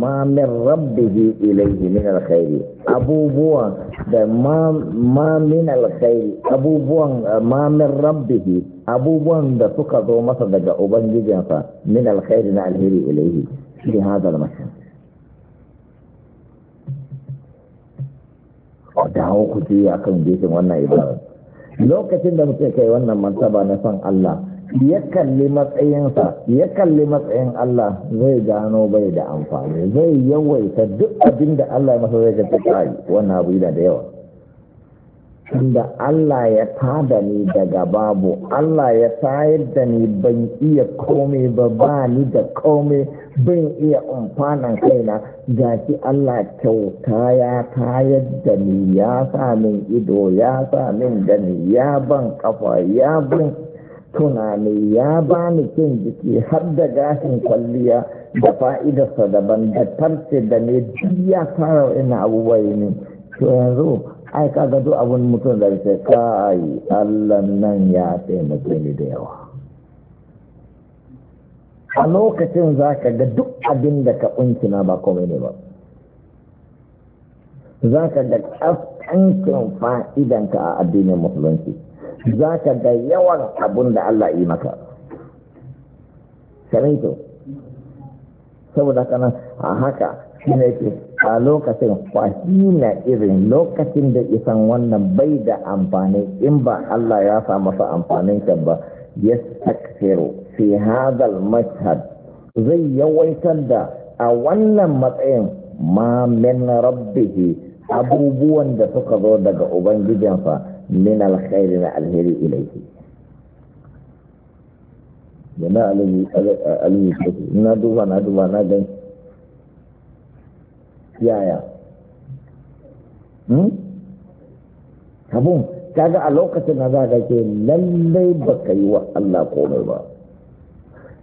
ma min rabbihi ilaihi min alkhairi abubuwan da ma min alkhairi abubuwan ma min rabbihi abubuwan da suka zo masa daga ubangijinsa min alkhairi na alheri ilaihi fi hadal mashin dawo ku ji a kan gefen wannan ibada lokacin da mutum kai wannan martaba na son Allah ya kalli matsayinsa ya kalli matsayin Allah zai gano bai da amfani zai yawaita duk abin da Allah ya masa zai ga tsari wannan abu yana da yawa tunda Allah ya tada ni daga babu Allah ya tayar da ni ban iya komai ba ba ni da komai ban iya umfanan kaina Ga shi Allah kyauta ya tayar da ni ya sa min ido ya sa min gani ya ban kafa ya ban tunani ya ba ni kin jiki har da gashin kwalliya da fa'idarsa daban da tarce da ne duk ya fara ina abubuwa ne to yanzu ai ka duk abin mutum da ke kai Allah nan ya taimake ni da yawa a lokacin za ka ga duk abin da ka kuncina ba komai ne ba za ka ga ƙasƙancin fa'idanka a addinin musulunci za ka ga yawan abin da Allah yi maka sanaito saboda kana a haka shi ne ke a lokacin na irin lokacin da isan wannan bai da amfani in ba Allah ya sa masa amfanin can ba ya takfiru fi hadal mashhad zai yawaitar da a wannan matsayin ma min rabbihi abubuwan da suka zo daga ubangijinsa min alkhairi na alheri ilaihi yana na duba na duba na ganci yaya hmm? abun kaga a lokacin da za ka ce lallai ba ka yi wa Allah komai ba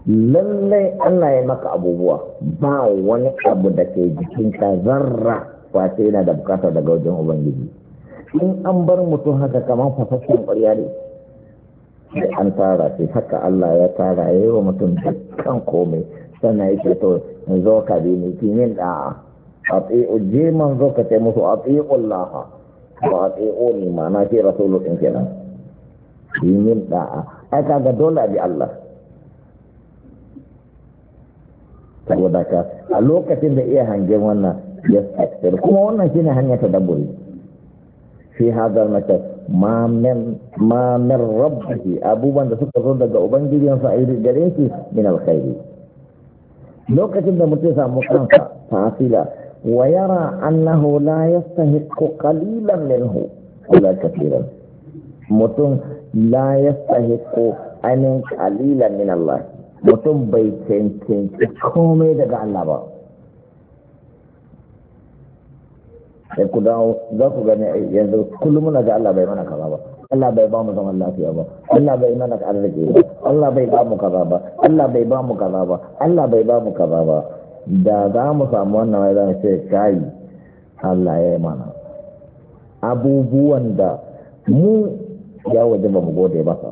lallai Allah ya maka abubuwa ba wani abu da ke jikinka zarra sai yana da bukatar daga wajen Ubangiji in an bar mutum haka kamar fasashen ƙwarya ne sai an tara sai haka Allah ya tara ya yi wa mutum dukkan komai sannan ya ce to zo ka bi ne kimin da'a ati'u jiman zo ka ce musu ati'u laha ba ati'u ni mana ce rasulu din kenan yin da'a ai kaga dole bi Allah saboda ka a lokacin da iya hangen wannan ya tsakir kuma wannan shine hanya ta dabburi fi hadar mata ma min ma abubuwan da suka zo daga ubangijinsa a yi gare shi min alkhairi lokacin da mutum samu kansa ta asila ويرى أنه لا يستحق قليلا منه ولا كثيرا متن لا يستحق أن قليلا من الله متن بيتين تين كومي دقاء الله sai ku dawo za ku gani yanzu kullum muna ga Allah bai mana kaza ba Allah bai ba mu lafiya ba Allah bai mana arziki ba Allah bai ba mu ba Allah bai ba mu ba Allah bai ba mu ba da za mu samu wannan wai zan ce kayi Allah ya yi mana abubuwan da mu ya waje ba mu gode ba sa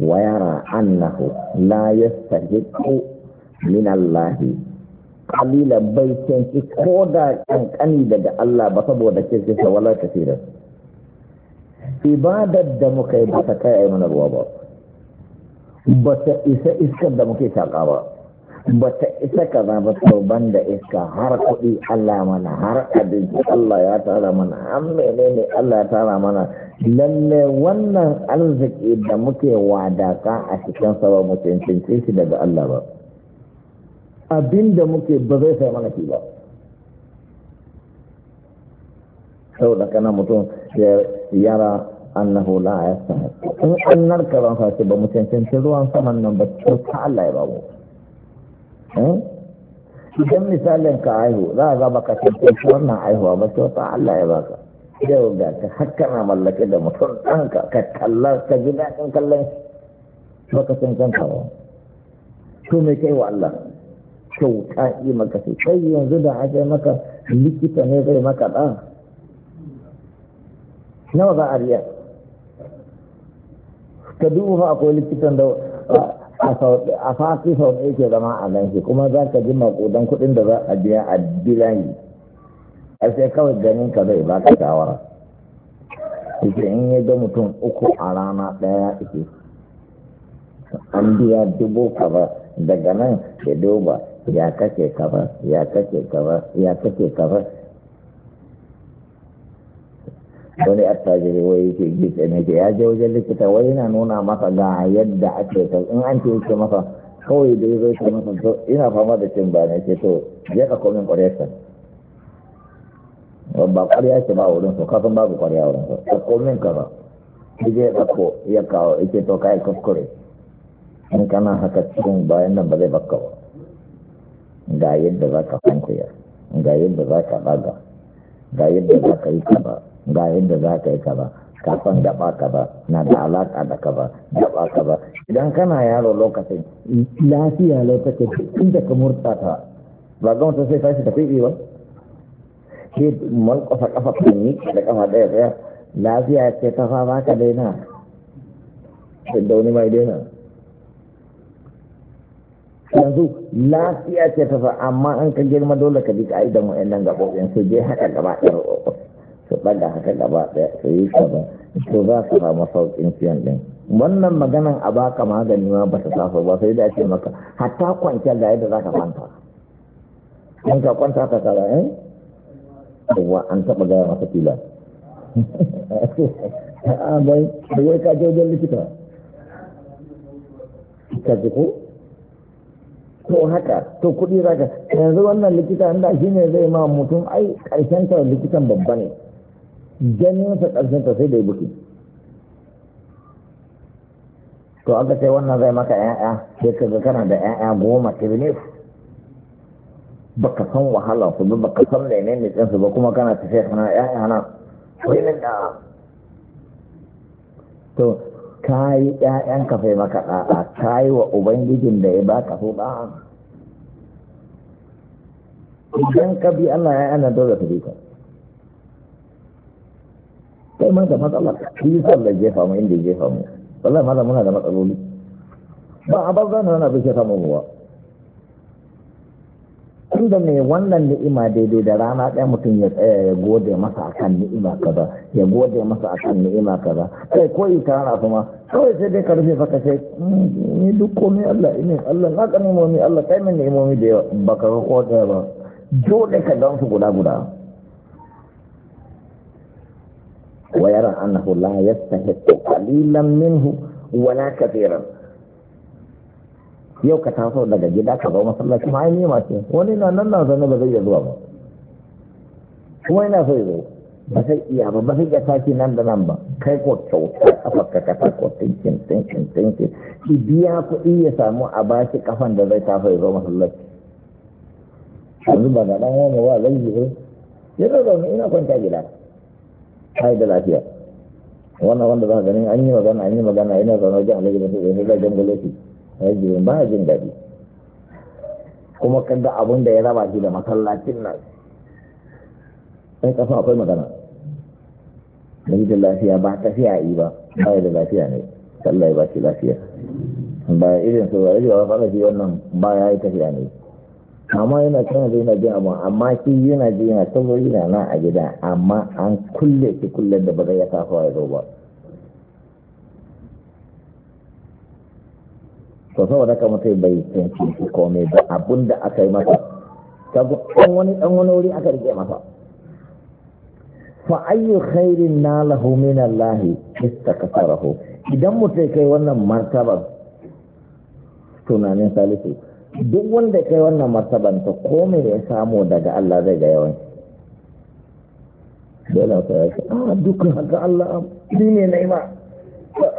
wa yara annahu la yastahiqu min Allah qalila bai canci ko da kankani daga Allah ba saboda sa wala kasirar ibadar da muka yi ba ta kai a yi mana ruwa ba ba ta isa iskar da muke shaƙa ba ba ta isa kaza ba sau da iska har kuɗi Allah mana har abinci Allah ya tara mana an menene Allah ya tara mana lalle wannan arziki da muke wadaka a cikin sabon ba mu shi daga Allah ba abin da muke ba zai sai mana shi ba da kana mutum ya yara annahu la yastahi in an narka ban ba mu cancanci ruwan saman nan ba ta Allah ya ba mu Eh? idan misalin ka aihu za a zaba ka tantance wannan aihuwa ba ta wata Allah ya baka yau ga ka hakkana mallake da mutum ɗanka ka kallar ka ji daɗin kallon ba ka san kanka ba to me kai wa Allah kyauta yi maka sai kai yanzu da aka maka likita ne zai maka ɗan nawa za a riya ka duba akwai likitan da a fati sau ɗaya ke zama a nan shi kuma za ka ji makudan kuɗin da za a biya a bilayi a sai kawai ganin ka zai baka shawara ita in ya ga mutum uku a rana ɗaya ike an biya dubu kaza daga nan ya duba ya kake kaza ya kake kaza ya kake kaza wani attajiri wai yake gita ne ke ya je wajen likita wai yana nuna masa ga yadda ake ta in an ce yake masa kawai da ya zo yake masa to ina fama da cin ba ne ke to je ka komin ƙwaryarsa ba ƙwarya ce ba wurin su kafin babu ƙwarya wurin su ta komin ka ba ki je ka ko ya kawo yake to kai kuskure in kana haka cikin bayan nan ba zai baka ba ga yadda za ka fankuya ga yadda za ka ɗaga ga yadda za ka yi kaba ga yadda za ka yi ka ba kafin gaba ka ba na da alaka da ka ba gaba ka ba idan kana yaro lokacin lafiya lokacin inda ka murtata ba ga mutum sai tashi tafi ba ke malkwasa kafa kanyi da kafa daya daya lafiya ce kafa ba ka daina da wani mai daina yanzu lafiya ce ta fa amma an ka girma dole ka bi ka'idan wa'annan gaɓoɓin sai dai haka gaba ɗaya su ɗaga haka gaba ɗaya su yi ba to za su samu sauƙin siyan ɗin wannan maganan a baka magani ma ba ta safa ba sai da ake maka hatta kwanciya da yadda za ka kwanta in ka kwanta ka kara ɗin eh? wa an taɓa gaya masa fila a ah, bai da wai ka je wajen likita ka ji ko to haka to kuɗi za ka yanzu wannan likita inda shi ne zai ma mutum ai ƙarshen ta likitan babba ne ganin sa ƙarfin ta sai da buki to aka ce wannan zai maka ƴaƴa sai ka ga kana da ƴaƴa goma tirnif baka san wahala su ba baka san menene ɗin su ba kuma kana tafiya kana ƴaƴa na. wai min da to ka yi ƴaƴan ka sai maka ɗa'a ka yi wa ubangijin da ya baka so ɗa'a idan ka bi Allah ya ana dole ta bi ka sai ma da matsala shi yasa da jefa mu inda jefa mu wallahi maza muna da matsaloli ba a bazza na na bishe samun ruwa inda mai wannan ni'ima daidai da rana ɗaya mutum ya tsaya ya gode masa akan ni'ima kaza ya gode masa akan ni'ima kaza kai ko ita ana kuma kawai sai dai karfe fa ka sai mm, ni duk komai Allah ne Allah na ka ni'imomi Allah kai min ni'imomi da yawa baka ga ko ɗaya ba dole ka gansu guda guda ويرى أنه لا يستحق قليلا منه ولا كثيرا yau ka taso daga gida ka zo masallaci ma ainihi ma wani na nan na zaune ba zai iya zuwa ba kuma yana so ya zo ba sai iya ba ba zai iya tashi nan da nan ba kai ko kyauta kafar ka kasa ko tinkin tinkin tinkin ki biya kuɗi ya samu a bashi kafan da zai taso ya zo masallaci yanzu ba ga ɗan wani wa zai yi ba yana zaune ina kwanta gida kai da lafiya wannan wanda za ka gani an yi magana an yi magana ina zaune wajen alaji mutum da nila jangole shi ya yi ba ya jin daɗi kuma kan da abin da ya raba shi da masallacin nan sai kafa akwai magana bai da lafiya ba fiya yi ba ba da lafiya ne sallah ya ba shi lafiya ba irin su ba ya ba fara shi wannan ba ya yi tafiya ne amma yana kan zai na ji amma amma shi yana ji yana saboda yana na a gida amma an kulle shi kullum da ba zai ya kafa ya zo ba to saboda ka mutai bai san shi ko me ba abunda aka yi masa Sabu ɗan wani dan wani wuri aka rike masa fa ayyu khairin nalahu min Allah istakfarahu idan mutai kai wannan martaba, tunanin salisu duk wanda kai wannan martaban ta komai ya samu daga Allah zai ga yawan dole ka yi a ah, duk haka Allah ni ne na ima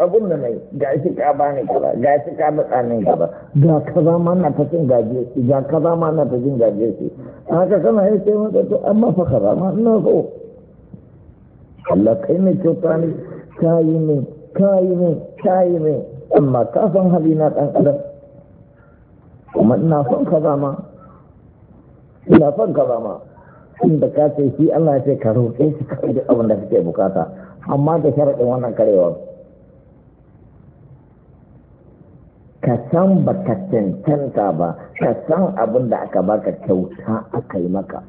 abun da mai ga shi ka bani kaza ga shi ka matsa ne kaza ga kaza ma na ta cin gaje shi ga kaza ma na ta cin gaje shi haka kana yi sai maka to amma fa kaza ma na so Allah kai ne kyauta ne kayi ne kayi ne kayi ne amma ka san na dan adam kuma ina son ka zama ina son ka zama in ka ce shi Allah ya ce ka roƙe shi ka yi abin da kake bukata amma da sharaɗin wannan karewar ka san ba ka cancanta ba ka san abin da aka baka kyauta aka yi maka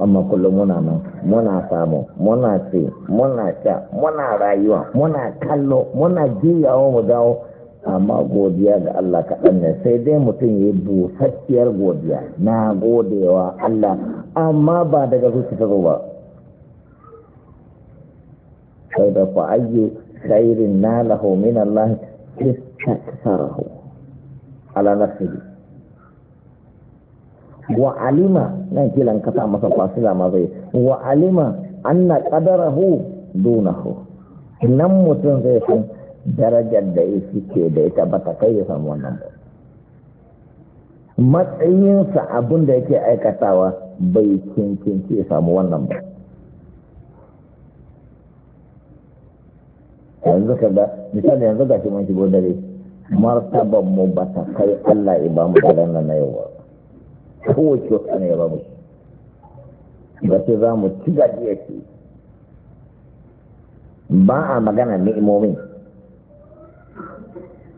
amma kullum muna nan muna samu muna ce muna sha muna rayuwa muna kallo muna jiyawa mu dawo amma godiya ga Allah kaɗan ne sai dai mutum ya yi busassiyar godiya na godewa Allah amma ba daga su ta zo ba sai da ku ayyu khairin nalahu min Allah istaktharahu ala nafsihi wa alima nan kilan kasa masa fasila ma zai wa alima anna qadarahu dunahu nan mutum zai san darajar da ya ke da ita ba ta kai ya samu wannan ba matsayinsa abin da yake aikatawa bai cincinci ya samu wannan ba yanzu ka ga misali yanzu ga shi mun shigo dare martaban mu ba ta kai Allah ya ba mu da ranar na yau ba kowace wata ne ya ba mu ba ce za mu ci ya ce ba a magana ni'imomin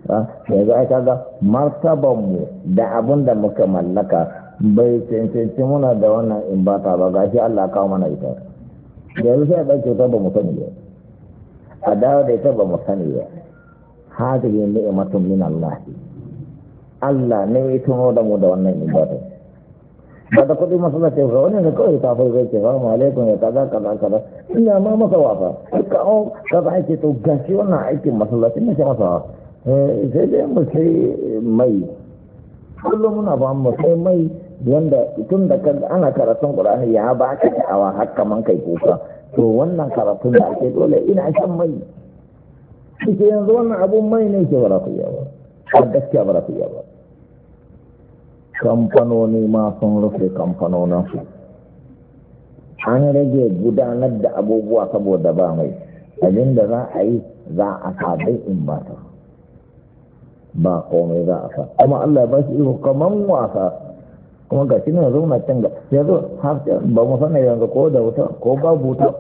yanzu ka ga? martabanmu da abin da muka mallaka bai cancanci muna da wannan in ba ta ba ga shi Allah kawo mana ita yanzu sai ɗauke ta ba mu sani ba a dawo da ita ba mu sani ba ne ni'matun min Allah Allah ne ya tuno da mu da wannan in ba da kuɗi da ba wani ne kawai ta zai ce ba mu alaikum ya kaza kaza kaza ina ma masa wafa ka za a ake to gashi wannan aikin masallaci ne ce masa wafa Eh, sai dai mu sai mai kullum muna ba mu sai mai wanda tun da ana karatun ƙur'ani ya ba ka sha'awa har kaman kai kuka to wannan karatun da ake dole ina shan mai shi yanzu wannan abun mai ne ke bara ku ba a gaskiya bara ku ba kamfanoni ma sun rufe kamfanonin an rage gudanar da abubuwa saboda ba mai abin da za a yi za a sabai in ba ba komai za a fa kuma Allah ba shi iko kaman wasa kuma ga shi ne zauna can ga zo har ba mu sanar yanzu ko da wuta ko ba wuta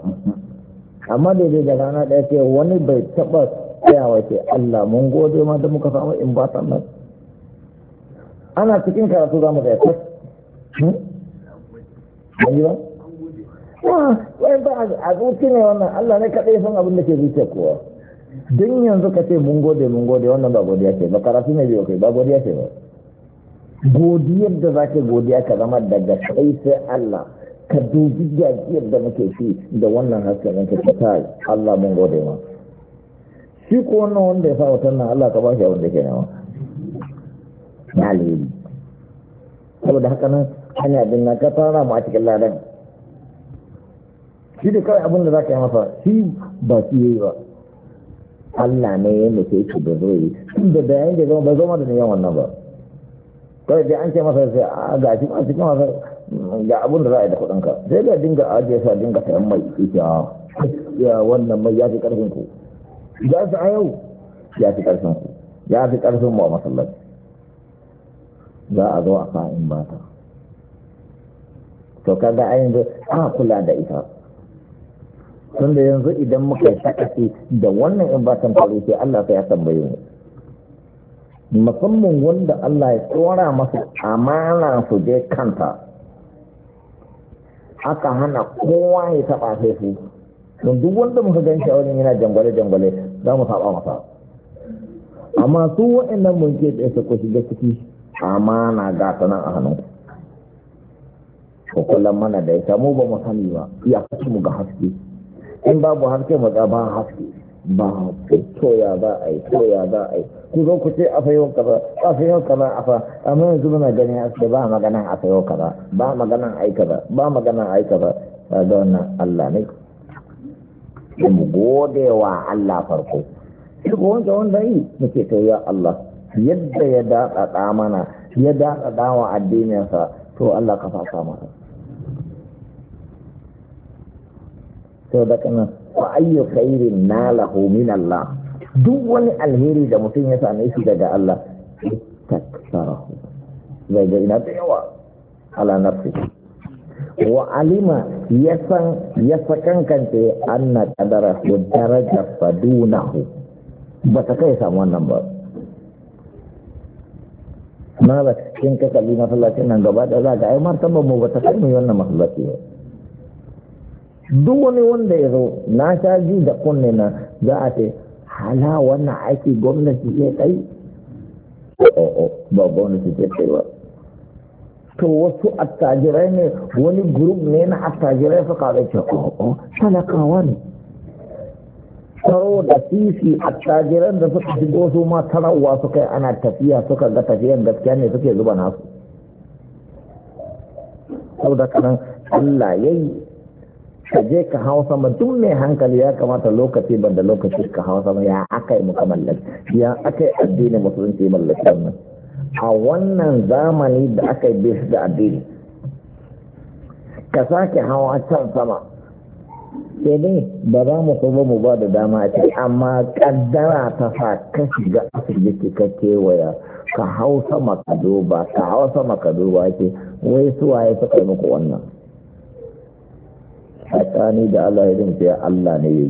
amma daidai da rana ɗaya ce wani bai taɓa tsayawa ce Allah mun gode ma da muka samu in ba ta nan ana cikin karatu za mu ga yakas yi ba wani ba a zuci ne wannan Allah ne kaɗai san abin da ke zuciya kowa don yanzu ka ce mun gode mun gode wannan ba godiya ce ba karatu ne biyo kai ba godiya ce ba godiyar da za ka godiya ka zama daga kai sai Allah ka dubi gajiyar da muke shi da wannan hasken ɗin ka ta Allah mun gode ma shi ko wannan wanda ya sa wutar nan Allah ka ba shi abin da ke nawa na alheri saboda haka nan hanya din na ka tara mu a cikin ladan shi da kawai abin da za ka yi masa shi ba shi yi ba Allah ne ya nufe ki da zo yi da bayan da zama bai zama da niyan wannan ba kawai dai an ce masa sai a ga shi ma cikin masa ga abin da za a yi da kuɗin ka sai ga dinga ajiye sa dinga sayan mai ita ya wannan mai ya fi ƙarfin ku za su a yau ya fi ƙarfin ku ya fi ƙarfin mu a masallaci za a zo a fa'in mata to kaga ayin a kula da ita tunda yanzu idan muka yi sakace da wannan in ba san faru sai Allah sai ya tambaye mu musamman wanda Allah ya tsora masa amana su je kanta aka hana kowa ya taba sai su don duk wanda muka gan shi wurin yana jangwale jangwale za mu saba masa amma su waɗannan mun ke da su ko da ciki amana ga sanan a hannu. ko kullum mana da ita mu ba mu sani ba ya mu ga haske in babu haske ba za ba haske ba toya za a yi toya za a yi ku zo ku ce a fayo kaza a fayo kaza a fa amma yanzu muna ganin haske ba maganan a fayo kaza ba maganan ai kaza ba maganan ai kaza ba da wannan Allah ne mu gode wa Allah farko shi ko wanda wanda yi muke to ya Allah yadda ya da mana ya da daɗaɗa wa addininsa to Allah ka fasa masa sai da kana wa ayyu khairin nalahu min Allah duk wani alheri da mutum ya same shi daga Allah takfarahu zai ga ina da yawa ala nafsi wa alima yasan yasakan kante anna qadara wa daraja fadunahu ba ta kai samu wannan ba mala kin ka kalli masallacin nan gaba da za ga ai martaba mu ba ta kai mu wannan masallaci ba duk wani wanda ya zo na sha ji da kunne na za a ce hala wannan aiki gwamnati ke kai o'o oh, oh, oh, ba gwamnati ke kai ba to wasu attajirai ne wani grup ne na attajirai suka da ce o'o talakawa ne taro da sisi attajiran da suka shigo su ma tarawa suka yi ana tafiya suka ga tafiyan gaskiya ne suke zuba nasu sau da kanan Allah ya yi ka je ka hawa sama duk mai hankali ya kamata lokaci ban da lokaci ka hawa sama ya aka yi muka mallaki ya aka yi addini musulunci mallaki wannan a wannan zamani da aka yi bis da addini ka sake hawa can sama sai dai ba za mu kuma mu ba da dama ce amma kaddara ta sa ka shiga asibiti ka kewaya ka hau sama ka duba ka hau sama ka duba ke wai suwaye suka yi muku wannan tsakani da Allah ya rinke Allah ne ya yi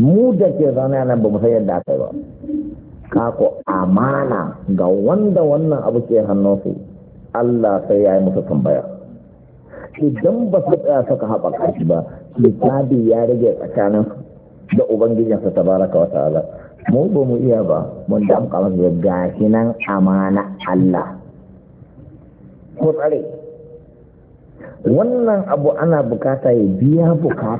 mu da ke zaune nan ba mu san yadda aka yi ba Ka kako amana ga wanda wannan abu ke hannun su Allah sai ya yi musu tambaya idan ba su tsaya suka haɓaka shi ba hisabi ya rage tsakanin da ubangijinsa ta wa ta'ala mu ba mu iya ba mun damƙa masu gashi nan amana Allah ko tsare wannan abu ana bukata ya biya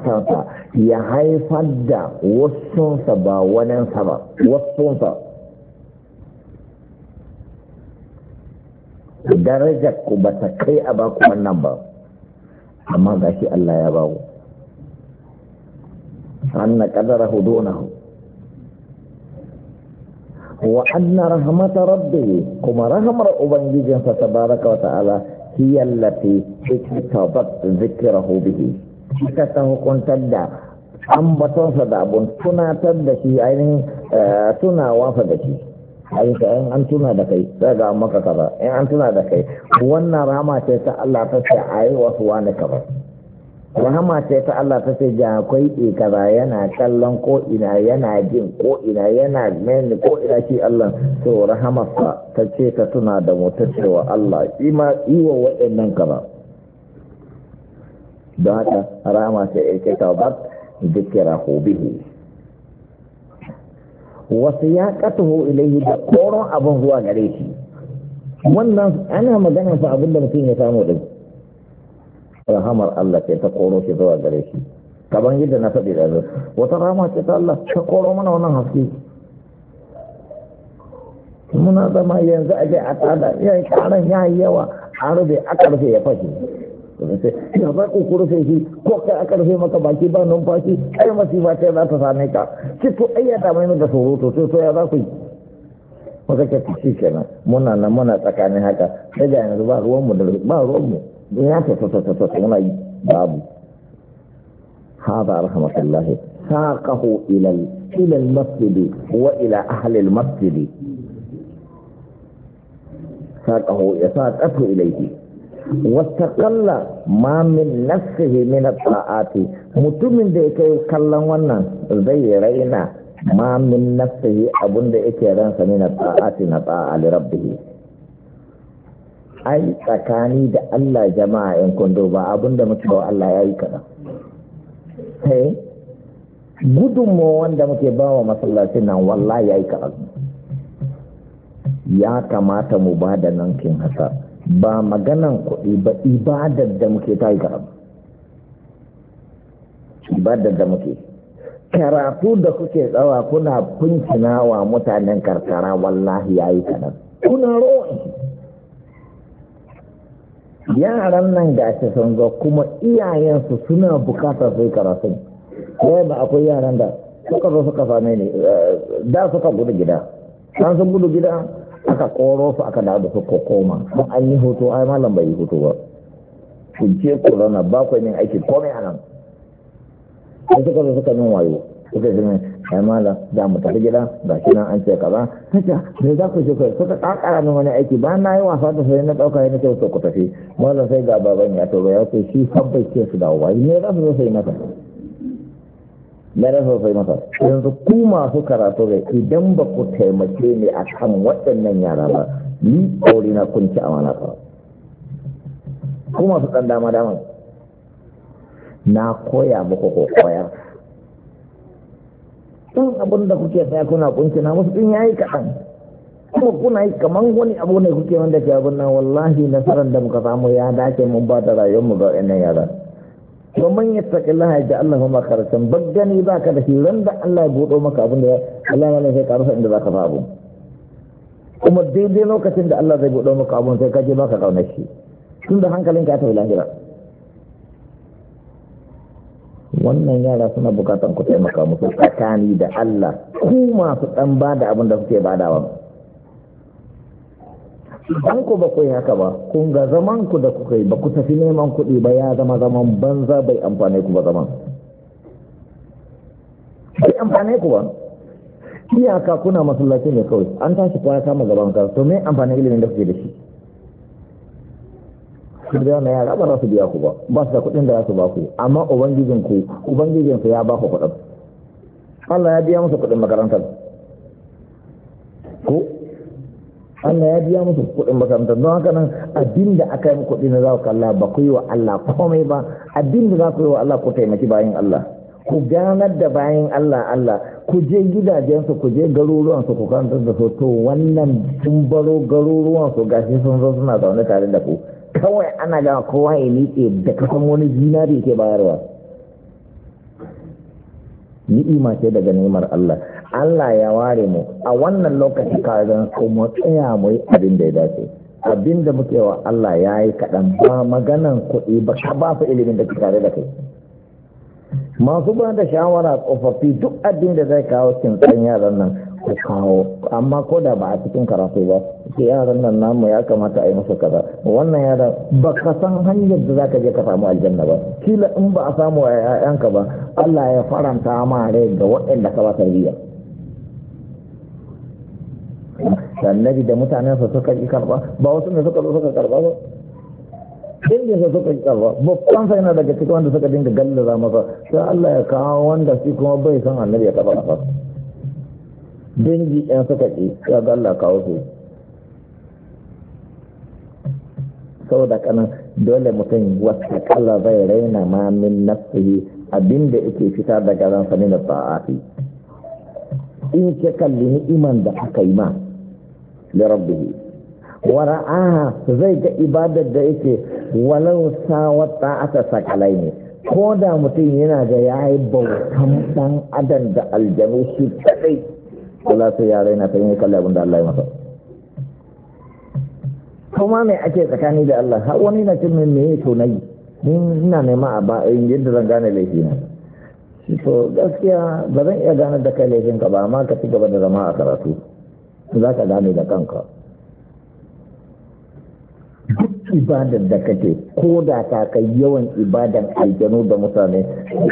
ta ya haifar da wasunsa ba waninsa ba wasunsa darajar ku ba ta kai a baku wannan ba amma ga shi Allah ya bawo anna qadara hudunahu wa anna rahmata Rabbe kuma rahmar ubangijinsa tabaraka wa ta'ala هي التي اكتبت bihi به كته كنت da an batonsa da abun tunatar da shi ainihin tunawa fa da shi aika in an tuna da kai za ga maka kaza in an tuna da kai wannan rama ce ta Allah ta ce ayi wasu wani kaza rahama ce ta Allah ta ce ja akwai kaza yana kallon ko ina yana jin ko ina yana mai ko ina shi Allah to fa ta ce ta tuna da mutum cewa Allah ima iwa waɗannan kaza don haka rahama ce ita ta tawbat zikira ko bihi wasu ya kataho ilaihi da koron abin zuwa gare shi wannan ana magana fa abin da mutum ya samu da shi. rahamar Allah ce ta koro shi zuwa gare shi kaban yadda na faɗi da zai wata rama ce ta Allah ta koro mana wannan haske muna zama yanzu a je a tsada yayin karan ya yi yawa a rube a rufe ya fashe ya za ku ku rufe shi ko kai a rufe maka baki ba numfashi kai masifa ce za ta same ka ki to ai ya ayyata mai da soroto to to ya za ku yi muka ce shi kenan muna nan muna tsakanin haka daga yanzu ba ruwanmu da ba ruwanmu da ya ta ta ta ta yi babu a rahama sallahi ila ila al masjidi wa ila ahalil masjidi masjid saqahu ya ilaiki wata kalla ma min نفسه من ta'ati mutumin da yake kallon wannan zai raina ma min nafsihi abunda yake ransa min ta'ati na ta'a li ai tsakani da Allah jama'a yan kwando ba da muke bawa Allah ya yi kaɗan. Eh, gudunmu wanda muke bawa masallacin nan wallahi ya yi kada. ya kamata mu ba da nan kin hasa ba maganan kuɗi ba ibadar da muke ta yi kada. ibadar da muke karatu da kuke tsawa kuna kuncinawa mutanen karkara wallahi ya yi kada. kuna ro'in yaran nan gashi sun zo kuma iyayensu suna bukatar su yi karatu sai ba akwai yaran da suka zo suka same ni eh, da suka gudu gida san sun gudu gida aka koro su aka dawo su ko koma kuma an yi hoto ai malam bai yi hoto ba ku je corona ba ku yin aiki komai nan sai suka zo suka min wayo suka ji ai mala da mu tafi gida ba shi nan an ce kaza kace me za ku shuka suka kakara min wani aiki ba na yi wasa da sai na dauka yana ce ku tafi mala sai ga baban ya ba ya ce shi habbai ce su dawo wai me za su zo sai masa na rasa sai masa yanzu ku masu karatu da idan ba ku taimake ni a kan waɗannan yara ba ni aure na kun ci amana ba ku masu ɗan dama dama na koya muku ko koyar ɗan abin da kuke saya kuna kuncina musu ɗin ya yi kaɗan kuma kuna yi kamar wani abu ne kuke wanda ke abin nan wallahi nasarar da muka samu ya dace mun ba da mu ga wannan yara to man yattaqi Allah ya Allah ma karasan baggani baka da shi da Allah ya buɗo maka abin da Allah ne sai ka rufe inda zaka fa abu kuma daidai lokacin da Allah zai buɗo maka abun sai ka je baka kaunar shi tunda hankalinka ya tafi lahira wannan yara suna bukatan ku taimaka musu tsakani da Allah ku masu dan ba da abin da kuke badawa idan ku ba ku yi haka ba kun ga zaman ku da kuka yi ba ku tafi neman kuɗi ba ya zama zaman banza bai amfane ku ba zaman bai amfane ku ba iyaka kuna masallaci ne kawai an tashi kwana kama gaban ka to me amfanin ilimin da kuke da shi Kirga na yara ba za su biya ku ba ba su da kuɗin da za su ba ku amma ubangijin ku ubangijin ya ba ku kuɗin Allah ya biya musu kuɗin makarantar ko Allah ya biya musu kuɗin makarantar don haka nan abin da aka yi mu kuɗi na za ku kalla ba ku yi wa Allah komai ba abin da za ku yi wa Allah ku taimaki bayan Allah ku ganar da bayan Allah Allah ku je gidajensu ku je garuruwansu ku kantar da so, to wannan sun baro garuruwansu gashi sun zo suna zaune tare da ku kawai ana gama kowa ya nike da kasan wani zinari ke bayarwa ima ce daga neman Allah Allah ya ware mu a wannan lokaci kazan kuma tsaya mu yi abin da ya dace abin da muke wa Allah ya yi kaɗan ba maganan kuɗi ba ka ba su ilimin da kare da kai masu ba da shawara tsofaffi duk abin da zai kawo kintsan yaran nan ta kawo amma ko da ba a cikin karatu ba sai yaran nan namu ya kamata a yi masa kaza wannan yara ba ka san hanyar da zaka je ka samu aljanna ba kila in ba a samu a ƴaƴanka ba Allah ya faranta ma rai ga waɗanda ka ba tarbiyya annabi da sa suka yi karba ba wasu ne suka zo suka karba ba dangin sa suka yi karba babban sa yana daga cikin wanda suka dinga gallaza masa sai Allah ya kawo wanda shi kuma bai san annabi ya karba ba dangi yan suka ƙi ya ga Allah kawo su da kanan dole mutum wata kala zai raina ma min nafsihi abinda yake fita daga ransa ne da sa'afi in ka kalli ni'iman da aka yi ma da rabbihi wara aha zai ga ibadar da yake walau sawat ta'ata sakalai ne ko da mutum yana da yi bautan dan adam da aljanu shi kadai Allah sai yare na sai ne kalli abin da Allah ya masa kuma mai ake tsakani da Allah har wani na cin min meye to nayi ni ina nema a ba in eh, yadda zan gane laifi na to gaskiya ba zan iya gane da kai laifin ka ba amma ka ci gaba da zama a karatu za ka gane da kanka ibadar da kake ko da ta kai yawan ibadar aljanu da mutane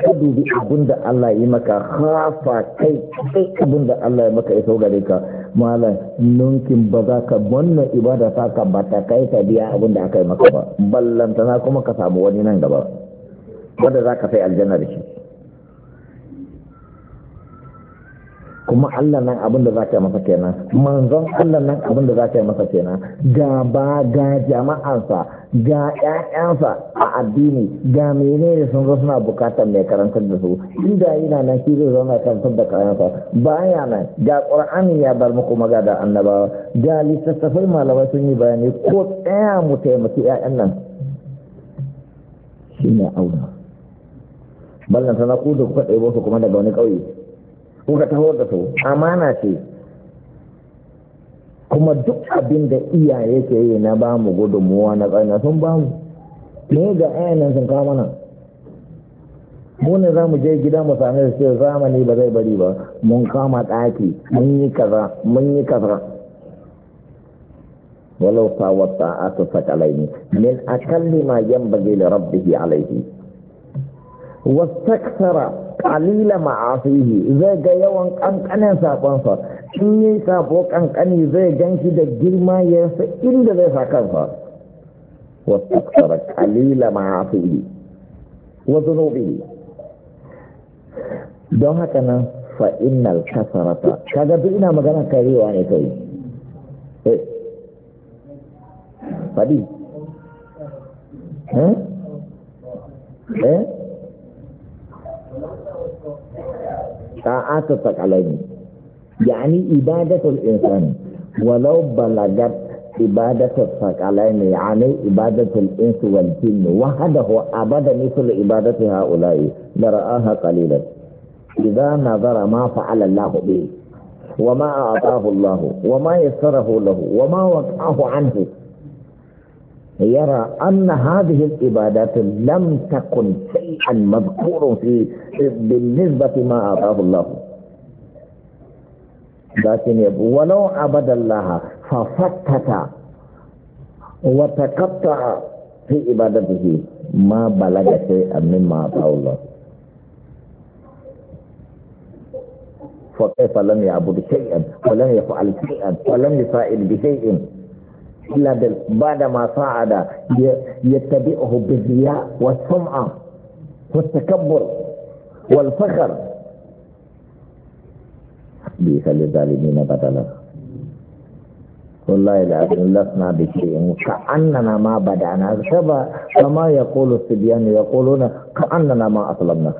ka dubi abin da Allah yi maka hafa kai kai abin da Allah ya maka iso gare ka malam nunkin ba za ka wannan ibada ta ka ba ta kai ta biya abin da aka yi maka ba ballantana kuma ka samu wani nan gaba wanda za ka sai aljanna da shi kuma Allah nan abin da za ka masa kenan manzon Allah nan abin da za ka masa kenan ga ba ga jama'ansa ga ƴaƴansa a addini ga menene sun zo suna bukatar mai karantar da su inda yana nan shi zai zauna karantar da kayansa baya nan ga qur'ani ya bar muku magada annabawa ga littattafai malamai sun yi bayani ko tsaya mu taimaki ƴaƴan nan ne auna ballanta na ku da kuka ɗebo su kuma daga wani ƙauye ka taho da to amana ce kuma duk abin da iyaye ke yi na ba mu gudunmuwa na tsana sun ba mu ne ga ayanan sun kama nan mu za mu je gida mu same su zamani ba zai bari ba mun kama ɗaki mun yi kaza mun yi kaza walau sawar ta'atu ne min akalli ma yan bagi da rabbi alaihi wastakthara kalila ma'asihi zai ga yawan kankanin sakonsa in yi sako kankani zai shi da girma ya rasa inda zai sa kansa wa tsara, kalila ma'asihi wa zunubi don haka nan fa'inal kasarata kaga duk ina magana karewa ne kai eh fadi eh eh ta'atu taqalani yani ibadatul insani walau balagat ibadatul taqalani yani ibadatul insi wal jinn wahdahu abada mithlu ibadati haula'i dara'aha qalilan idza nazara ma fa'ala Allah bihi وما أعطاه الله وما يسره له وما وقعه عنه يرى أن هذه العبادات لم تكن شيئا مذكورا في بالنسبة ما أعطاه الله لكن ولو عبد الله ففتت وتقطع في عبادته ما بلغ شيئا مما أعطاه الله فكيف لم يعبد شيئا ولم يفعل شيئا ولم يسائل بشيء إلا بعدما صعد يتبعه بالرياء والسمعة والتكبر والفخر ليس للظالمين بدلا والله العظيم لسنا بشيء كأننا ما بدأنا كما كما يقول الصبيان يقولون كأننا ما أسلمنا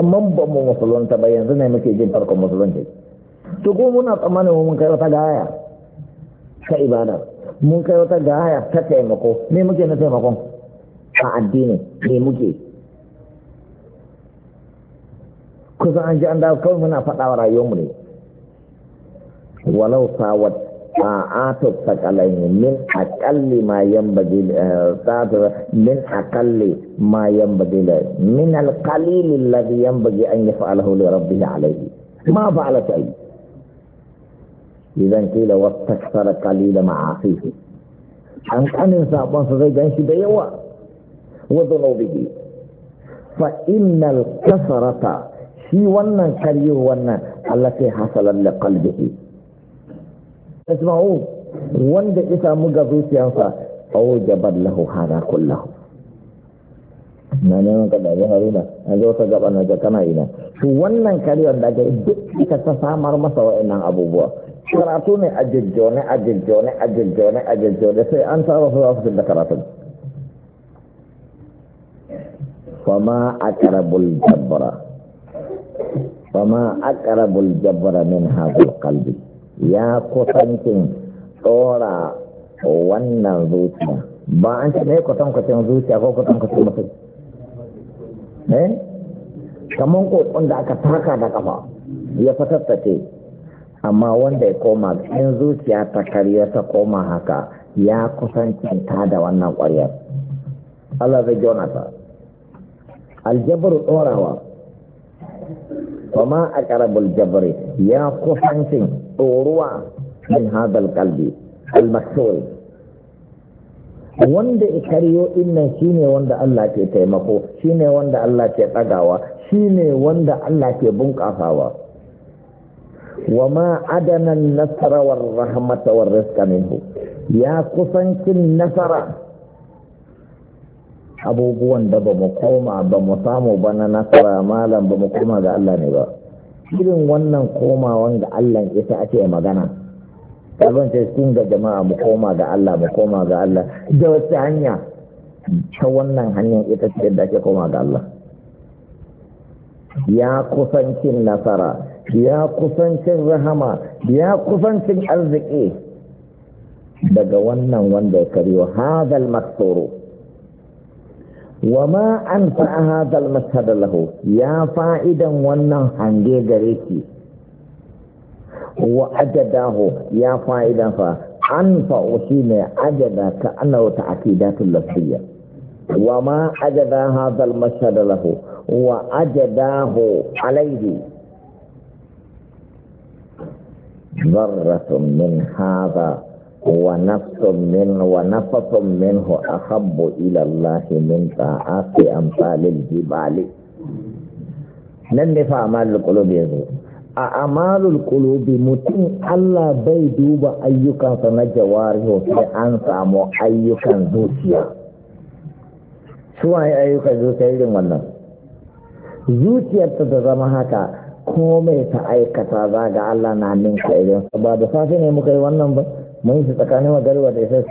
من بمو مسلمون تبين زنا مكي جين فرق to ko muna tsammanin mun kai wata gaya ta ibada mun kai wata gaya ta taimako me muke na taimakon a addini me muke kusan an ji an dawo kawai muna faɗa wa rayuwarmu ne walau sawat ta'atu sakalaini min akalli ma yan baje yanbaghi eh, min akalli ma yan baje yanbaghi min alqalil yan baje an yaf'alahu li rabbih alayhi ma fa'alata ayyi idan kila wastakthara qalila ma'asihi an kanin sabon sa zai ganshi da yawa wa dhunubihi fa innal kasrata shi wannan karyo wannan allati hasalan li qalbihi tasma'u wanda ya samu ga zuciyarsa awjabat lahu hada kullahu na neman ka dabi haruna an zo ka gaba na ga kana ina to wannan karyar da ga duk ka ta samar masa wa'annan abubuwa karatu ne a jajjone a a a sai an saba su za da karatun fama akarabul jabbara jabbara min hazal kalbi ya kusancin tsora wannan zuciya ba an ce ne kwatankwacin zuciya ko kwatankwacin mutum eh kamar kokon da aka taka da kafa ya fatattace amma wanda ya koma in zuciya ta karya ta koma haka ya kusancin ta da wannan ƙwaryar Allah zai jonata aljabar ɗorawa kuma a ƙarabul jabari ya kusancin ɗoruwa min hadal kalbi almasori wanda ikariyo innan shine wanda Allah ke taimako shine wanda Allah ke tsagawa shine wanda Allah ke bunƙasawa wa ma adana nasara wa rahmata wa rizqa minhu ya kusancin nasara abubuwan da ba mu koma ba mu samu ba na nasara malam ba mu koma ga Allah ne ba irin wannan komawan ga Allah ita ake magana kazan ce sun ga jama'a mu koma ga Allah mu koma ga Allah da wasu hanya ta wannan hanyar ita ce da ake koma ga Allah ya kusancin nasara ya kusancin rahama ya kusancin arziki daga wannan wanda ya kariyo hadal maktoro wa ma an fa'a hadal mashhada lahu ya fa'idan wannan hange gare ki wa ajadahu ya fa'idan fa an fa'u ne ajada ka ake ta'kidatul lafiya wa ma ajada hadal mashhada lahu wa ajadahu alaihi ذرة من هذا ونفس من ونفس منه أحب إلى الله من طاعات أمثال الجبال nan ne fa amalul yanzu a amalul qulubi mutum Allah bai duba ayyukansa na jawarihu sai an samu ayyukan zuciya su waye ayyukan zuciya irin wannan zuciyarta ta zama haka komai ta aikata za ga Allah na ka idan ba da safe ne muka yi wannan ba mun shi tsakanin magarwa da isa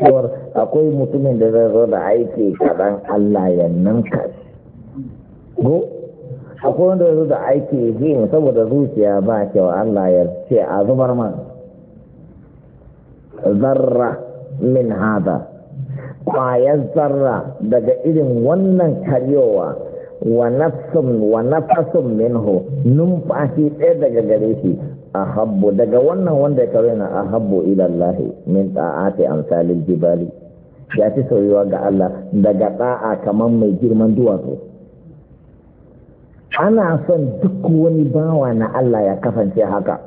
akwai mutumin da zai zo da aiki kaɗan Allah ya ninka go akwai wanda zai zo da aiki jin saboda zuciya ba kyau, Allah ya ce a zubar man zarra min hada kwayar zarra daga irin wannan karyowa wa nafsun wa nafasun minhu numfashi ɗaya daga gare shi ahabbu daga wannan wanda ya kawo a ahabbu ila Allah min ta'ati amsalil jibali ya fi sauyewa ga Allah daga ɗa'a kamar mai girman duwatsu ana son duk wani bawa na Allah ya kasance haka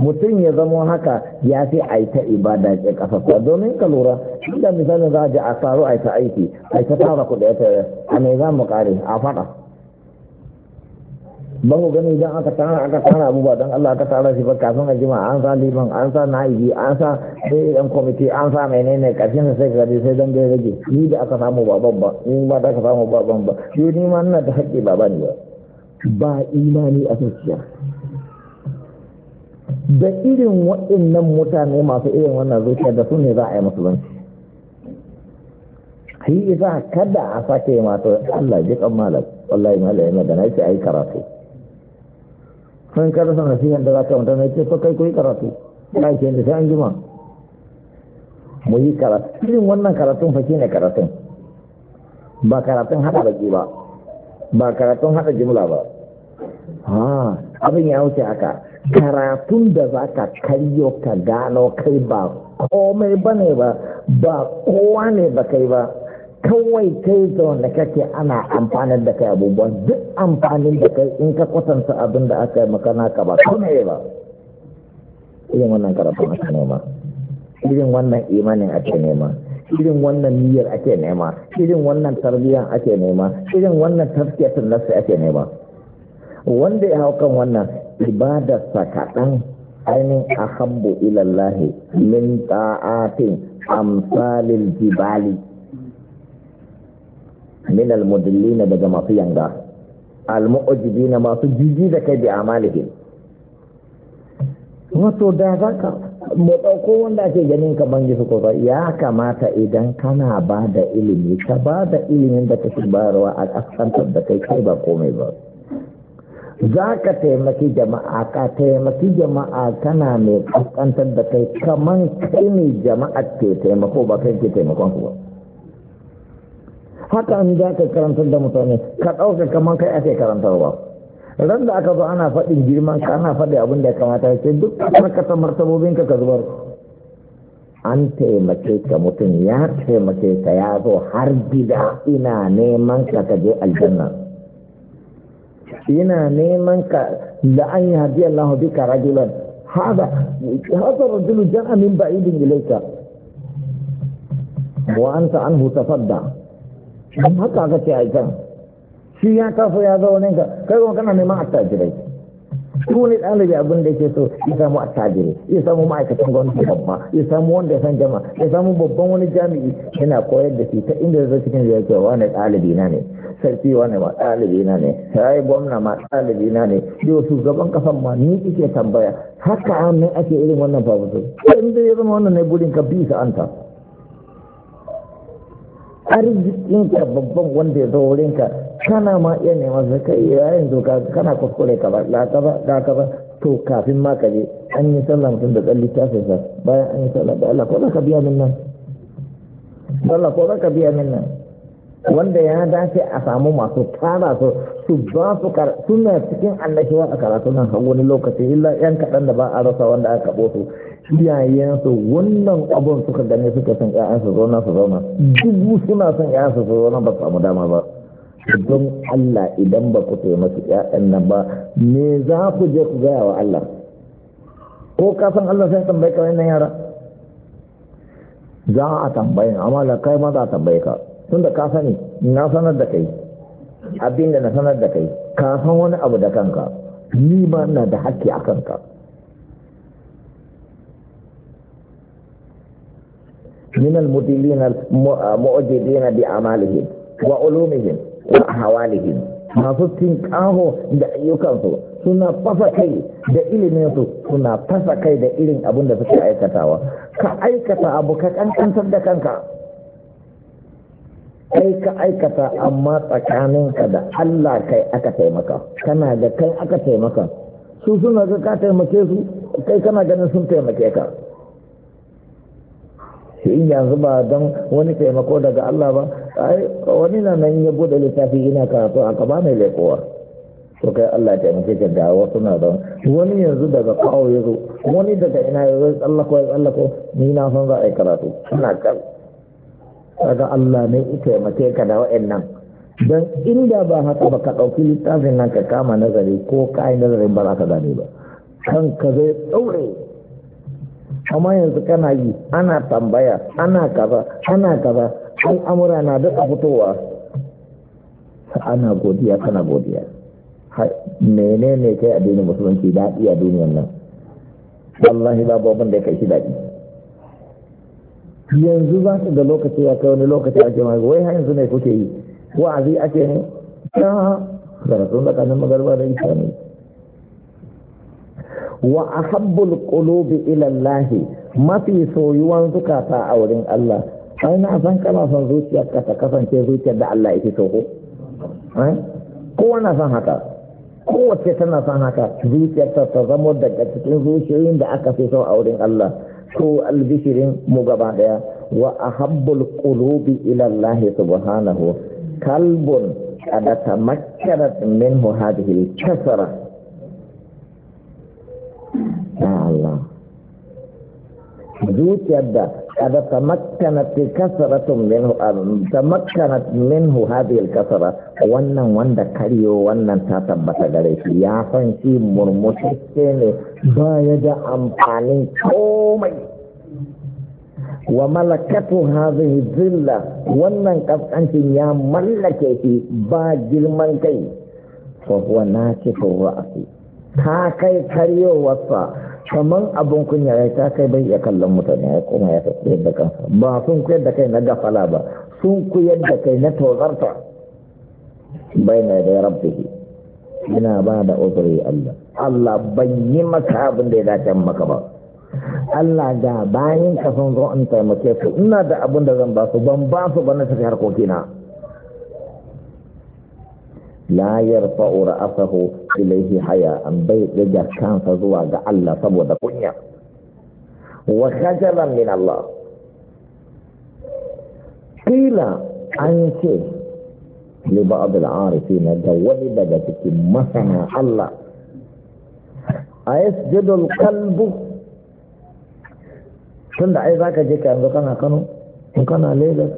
mutum ya zamo haka ya fi a yi ta ibada ke ƙasa domin ka lura inda misalin za a ji a tsaro a yi ta aiki a yi ta tara kuɗi a tare a mai za mu ƙare a faɗa ba ku gani idan aka tara aka tara abubuwa don Allah aka tara shi ba kafin a jima an sa liman an sa na'ibi an sa sai ɗan kwamiti an sa menene ƙarshen sa sai ka sai don bai rage ni da aka samu baban ba ni ba da aka samu baban ba ni ma ina da haƙƙi baba ne ba ba imani a zuciya da irin waɗannan mutane masu irin wannan zuciya da su ne za a yi musulunci shi isa kada a sake mata Allah ji kan malam wallahi malam yana da nace ayi karatu sun kada sana shi yanda za ka mutum ne ce kai ku karatu ya ce da sai an jima mu yi karatu irin wannan karatun fa ne karatun ba karatun hada baki ba ba karatun hada jimla ba ha abin ya wuce haka karatun da za ka karyo ka gano kai ba komai ba ne ba ba kowa ne ba kai ba kawai kai zaune kake ana amfanin da kai abubuwan duk amfanin da kai in ka kwatanta abin da aka yi makana ka ba kome ba irin wannan karatun aka nema irin wannan imanin ake nema irin wannan niyyar ake nema irin wannan tarbiyyar ake nema irin wannan tafkiyatun nasu ake nema wanda ya hau kan wannan ibadarsa kaɗan ainihin ahabbu ilallahi min ta'atin amsalil jibali min almudillina daga masu yanga almu'ajibina masu jiji da kai bi amalihim wato da za ka mu ɗauko wanda ake ganin ka bangi su ya kamata idan kana ba da ilimi ka ba da ilimin da kake bayarwa a ƙasƙantar da kai kai ba komai ba za ka taimaki jama'a ka taimaki jama'a kana mai kaskantar da kai kaman kai ne jama'a ke taimako ba kai ke taimakon ku ba haka an za ka karantar da mutane ka ɗauka kaman kai ake ba ran da aka zo ana faɗin girman ka ana faɗi abin ya kamata sai duk san martabobin ka ka zubar an taimake ka mutum ya taimake ka ya zo har gida ina neman ka ka je aljanna yana neman ka da an yi hadi Allah bika rajulan hada hada rajulu jan'a min ba'idin ilayka wa anta anhu tafadda haka aka ce aikan shi ya kafa ya zo ne ka kai kuma kana neman attajirai Tuni ɗalibi abin da ke so ya samu attajiri, ya samu ma'aikatan gwamnati babba, ya samu wanda ya san jama, ya samu babban wani jami'i yana koyar da shi ta inda zai cikin da ke wani ɗalibi na ne, sarki wani ma ɗalibi na ne, sarai gwamna ma ɗalibi na ne, yau shugaban kasan ma ni ke tambaya, haka ne ake irin wannan fafutu. In dai ya zama wannan ne gudun ka an ta. arzikinka babban wanda ya zo wurinka kana ma iya neman sai kai yayin doka kana kuskure ka ba da ka ba da ka ba to kafin ma ka je an yi sallah mutum da tsalli ta sa bayan an yi sallah da Allah ko za ka biya min nan sallah ko za ka biya min nan wanda ya dace a samu masu tara su su ba su kar suna cikin annashiwa a karatu nan har wani lokaci illa yan kaɗan da ba a rasa wanda aka kaɓo su su wannan abun suka gane suka san ƴaƴansu zauna su zauna dubu suna son ƴaƴansu su zauna ba su samu dama ba don Allah idan ba ku taimaki ‘ya'yan nan ba me za ku je ku gaya wa Allah ko ka san Allah sai tambaye ka wannan yara za a tambayin amma da kai ma za a tambaye ka tun da ka sani na sanar da kai abin da na sanar da kai ka san wani abu da kanka ni ma na da haƙƙi a kanka min al-mudillin al bi amalihim wa ulumihim wa hawalihim masu kaho da ayyukansu suna fasa kai da su, suna fasa kai da irin abin da suke aikatawa ka aikata abu ka kankantar da kanka kai ka aikata amma tsakaninka da Allah kai aka taimaka kana da kai aka taimaka su suna ga ka taimake su kai kana ganin sun taimake ka in yanzu ba don wani taimako daga Allah ba ai wani na nan ya bude littafi ina karatu a gaba mai laifowa to kai Allah ya taimake ka da wasu na don wani yanzu daga kawo ya zo wani daga ina ya zo Allah ko Allah ko ni na san za a yi karatu ina kan daga Allah ne ya taimake ka da wa'annan dan inda ba haka ba ka ɗauki littafin nan ka kama nazari ko ka yi nazarin ba za ka gane ba kanka zai ɗaure amma yanzu kana yi ana tambaya ana kaza ana kaza al'amura na duk a fitowa ana godiya kana godiya menene kai addinin musulunci daɗi a duniyan nan wallahi babu abin da ya kai shi daɗi yanzu za su ga lokaci ya kai wani lokaci ake mai wai har yanzu ne kuke yi wa'azi ake ne ta da tsakanin magarba da ita ne wa ahabbul qulubi ila Allah mafi soyuwan zukata a wurin Allah ai na san kana son zuciyar ka ta kasance zuciyar da Allah yake so ko kowa na san haka kowace tana son haka zuciyar ta ta zamo daga cikin zuciyoyin da aka fi so a wurin Allah Ko albishirin mu gaba daya wa ahabbul qulubi ila Allah subhanahu kalbun kada tamakkarat minhu hadhihi al-kasara ya Allah zuciyar da kada tamakkanat kasaratun minhu tamakkanat minhu hadhihi kasara wannan wanda karyo wannan ta tabbata gare shi ya san shi murmushacce ne ba ya da amfanin komai wa malakatu hadhihi zilla wannan kaskancin ya mallake shi ba girman kai fa huwa nakifu ra'si ta kai karyowarsa kamar abin kunya ya ta kai bai iya kallon mutane ya kuma ya tafi da kansa ba sun kuyar da kai na gafala ba sun kuyar da kai na tozarta bai na da rabbihi yana ba da uzuri Allah Allah ban yi maka abin da ya dace maka ba Allah ga bayan ka sun zo in taimake su ina da abin da zan ba su ban ba su ba na tafi harkokina la yarfa ra'asahu ilayhi haya an bai daga kansa zuwa ga Allah saboda kunya wa khajalan min Allah kila an ce li ba'd al-arifin da wani daga cikin masana Allah ayasjudu al-qalbu tunda ai zaka je ka yanzu kana Kano kana Lagos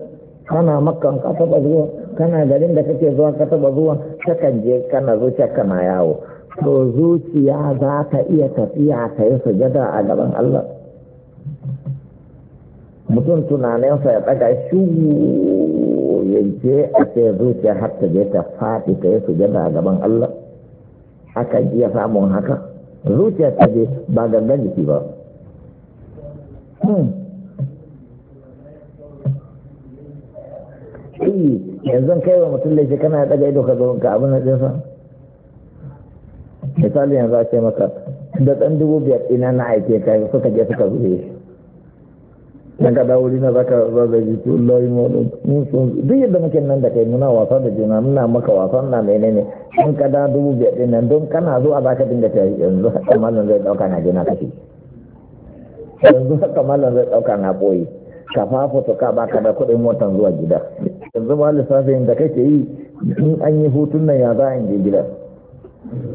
kana Makka ka taba zuwa kana garin da kake zuwa ka taba zuwa kakan je kana zuciya kana yawo to zuciya za ka iya tafiya ka yi sujada a gaban Allah mutum tunaninsa ya ɗaga shi je a ce zuciya har ta je ta faɗi ta yi sujada a gaban Allah akan iya samun haka zuciya ta je ba gangan jiki ba Hmm. yanzu kai wa mutum laifi kana daga ido ka zo ga abin da sa misali yanzu a ce maka da ɗan dubu biyar ina na aike ka suka je suka zuwe dan ka dawo na zaka zaza ji to Allah mu mun so duk yadda muke nan da kai muna wasa da juna muna maka wasa na menene in ka da dubu biyar din nan don kana zuwa zaka dinga ta yanzu haka mallan zai dauka na jina kashi yanzu haka mallan zai dauka na boye ka foto ka baka da kuɗin motan zuwa gida yanzu ma lissafin da kake yi in an yi hutun nan ya za a je gida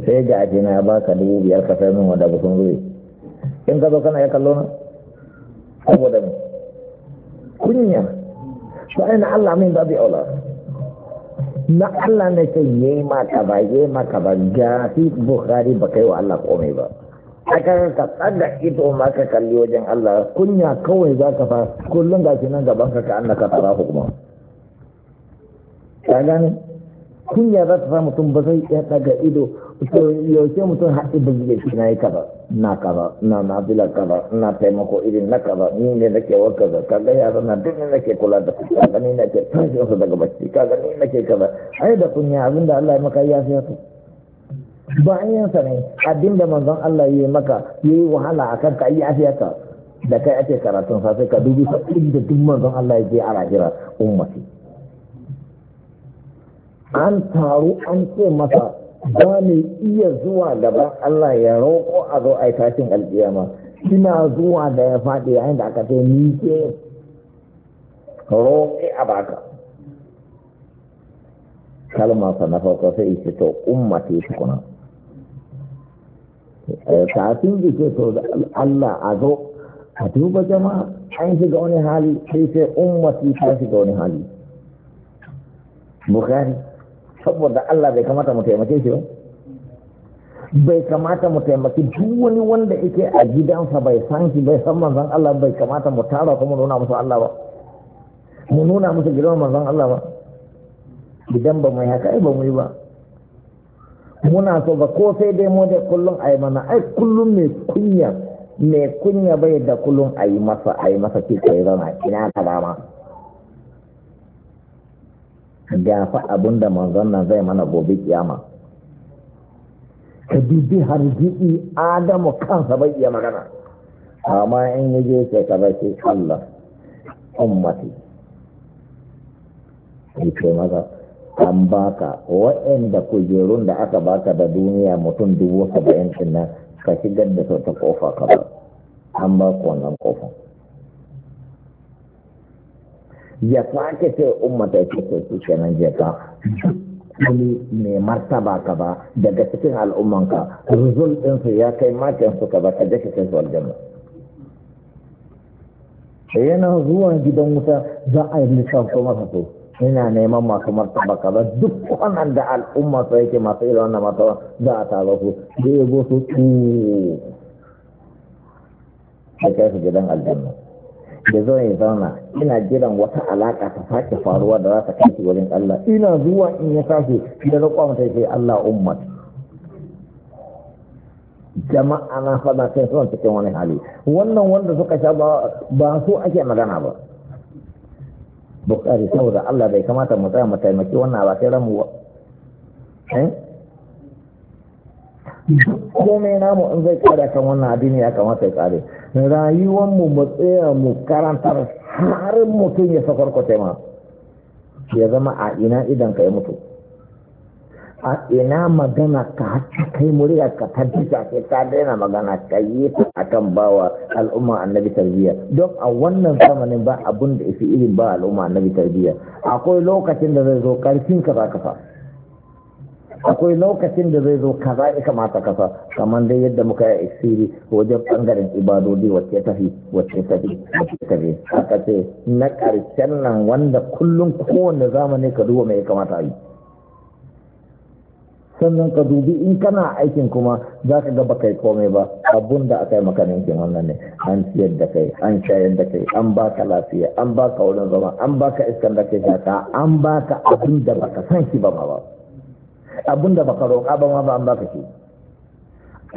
sai ga aje na baka dubu biyar ka sai min wanda ba sun zure in ka zo kana ya kallo na saboda me kunya ai na Allah min babu aula na Allah ne ce yayi maka ba yayi maka ba ga fi bukhari ba kai wa Allah komai ba aka ka tsada ido ma ka kalli wajen Allah kunya kawai za ka fa kullum ga shi nan gaban ka ka annaka tara hukuma ka gane kunya za ta sa mutum ba zai iya daga ido yaushe mutum har ba zai shi na yi kaza na kaza na na bila kaza na taimako irin na kaza ni ne nake wa kaza ka ga yaro na duk ne nake kula da su ka gani nake tashi daga bacci ka gani nake kaza ai da kunya abinda Allah ya maka ya fiye sa ne abinda manzon Allah ya maka ya yi wahala a ka yi afiyarka da kai ake karatun sa sai ka dubi sa da duk manzon Allah ya je a rahira ummati an taru an ce masa za mu iya zuwa gaba Allah ya roƙo a zo a tashin alƙiyama kina zuwa da ya faɗi yayin da aka ce ni ke roƙe a baka kalmarsa na farko sai ce to ummati tukuna Eh, kafin jike to da Allah a zo a duba jama'a an shiga wani hali sai sai ummati ta shiga wani hali bukari saboda Allah bai kamata mu taimake shi ba bai kamata mu taimaki duk wani wanda yake a gidansa bai san shi bai san manzon Allah bai kamata mu tara kuma nuna musu Allah ba mu nuna musu gidan manzon Allah ba gidan ba mai haka ai ba mu yi ba muna so ba ko sai dai mu da kullum a yi mana ai kullum mai kunya mai kunya bai da kullum a yi masa a yi masa kika ya zama ina ka dama gafa abin da manzon nan zai mana gobe kiyama ka bibi har jiɗi adamu kansa bai iya magana amma in yi je sai ka bai Allah ummati ce. maza an baka waɗanda kujerun da aka baka da duniya mutum dubu saba'in ɗin nan ka shigar da ta kofa ka ba an ba ku wannan kofa ya sake ce ummata ce ce su ke nan ka wani mai martaba ka ba daga cikin al'ummanka ruzul ɗinsu ya kai makin su ka ba ka je ka su aljanna yana zuwa gidan wuta za a yi lissafo masa to yana neman masu martaba ba duk wannan da al'umma su yake masu irin wannan martaba za a taro su da ya go su a kai su gidan aljanna da zo ya zauna ina jiran wata alaka ta sake faruwa da za ta kai wurin Allah ina zuwa in ya tashi da roƙon ce Allah umma jama'a na fada sai son cikin wani hali wannan wanda suka sha ba su ake magana ba bukari saboda Allah bai kamata mu tsaya mu taimaki wannan ba sai ramu eh? komai namu in zai kare kan wannan addini ya kamata ya kare rayuwar mu mu tsaya mu karantar har mutum ya ko ma ya zama a ina idan ka ya mutu a ina magana ka haka kai murya ka ta dika ta daina magana ka yi ta akan bawa al'umma annabi tarbiyya don a wannan zamanin ba abun da ifi irin ba al'umma annabi tarbiyya akwai lokacin da zai zo karfin ka zaka fa akwai lokacin da zai zo kaza ya kamata kafa kamar dai yadda muka yi isiri wajen bangaren ibadodi wacce tafi wacce tafi wacce tafi aka ce na karshen nan wanda kullum kowane zamani ka duba mai kamata a yi sannan ka dubi in kana aikin kuma za ka gaba kai komai ba abun da aka yi maka ninkin wannan ne an ciyar da kai an shayar da kai an ba ka lafiya an ba ka wurin zama an ba ka iskan da kai shaka an ba ka abin da baka san shi ba ma ba abin da baka roƙa ba ma ba an ba ka shi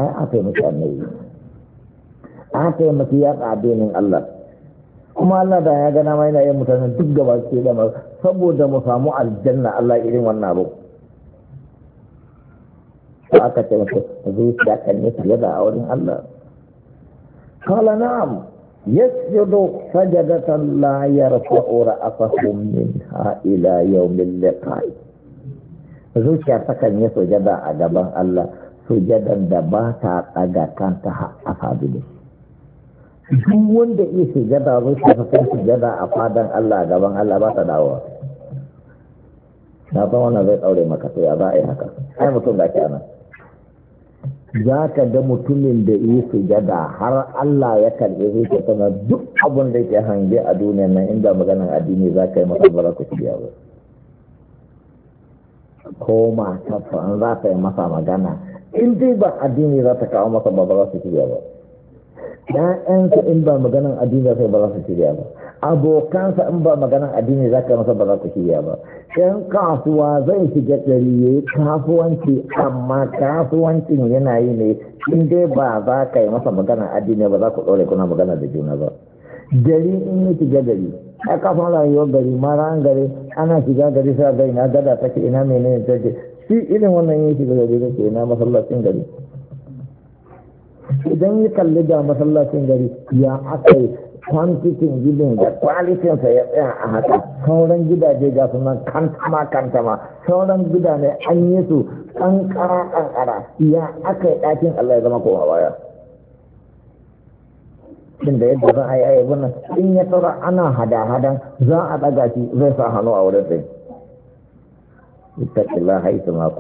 ai aka yi maka annabi aka yi maka yaƙa addinin Allah kuma Allah da ya gana ma yana yin mutanen duk gaba ke da saboda mu samu aljanna Allah irin wannan abu ba aka ce masa zuciya kan ne fiye da a wurin Allah kala na'am yasjudu sajadatan la yarfa'u ra'afahu minha ila yawmil liqa'i zuciya ta kan yi sujada a gaban Allah sujadan da ba ta tsaga kanta a fadili duk wanda iya sujada zuciya ta kan sujada a fadan Allah a gaban Allah ba ta dawowa na san wannan zai daure maka to ya za a yi haka ai mutum da ke anan za ka ga mutumin da yi sujada har Allah ya karbe shi ta sana duk abin da ke hange a duniya nan inda maganar addini za ka yi masa bara ku biya ba ko mata an za ka yi masa magana in dai ba addini za ta kawo masa ba ba za su shirya ba ɗayansa in ba maganar addini za ta yi za su shirya ba abokansa in ba maganan addini za ka masa ba za ku shirya ba ɗan kasuwa zai shiga gari ya kasuwanci amma kasuwancin yana yi ne in dai ba za ka yi masa maganan addini ba za ku ɗaure kuna magana da juna ba gari in yi shiga gari a kafin rayuwar gari maran gari ana shiga gari sa gari na gada ke ina ta take shi irin wannan yi shiga gari ke ina masallacin gari idan ya kalli da masallacin gari ya aka yi kwantitin gidan da kwalitinsa ya tsaya a haka sauran gidaje ga nan kantama kantama sauran gidaje an yi su an kara ya aka yi ɗakin Allah ya zama kowa baya shin da yadda za a yi ayyabin nan in ya tsara ana hada-hadan za a ɗaga shi zai sa hannu a wurin sai ittaqillah haitu ma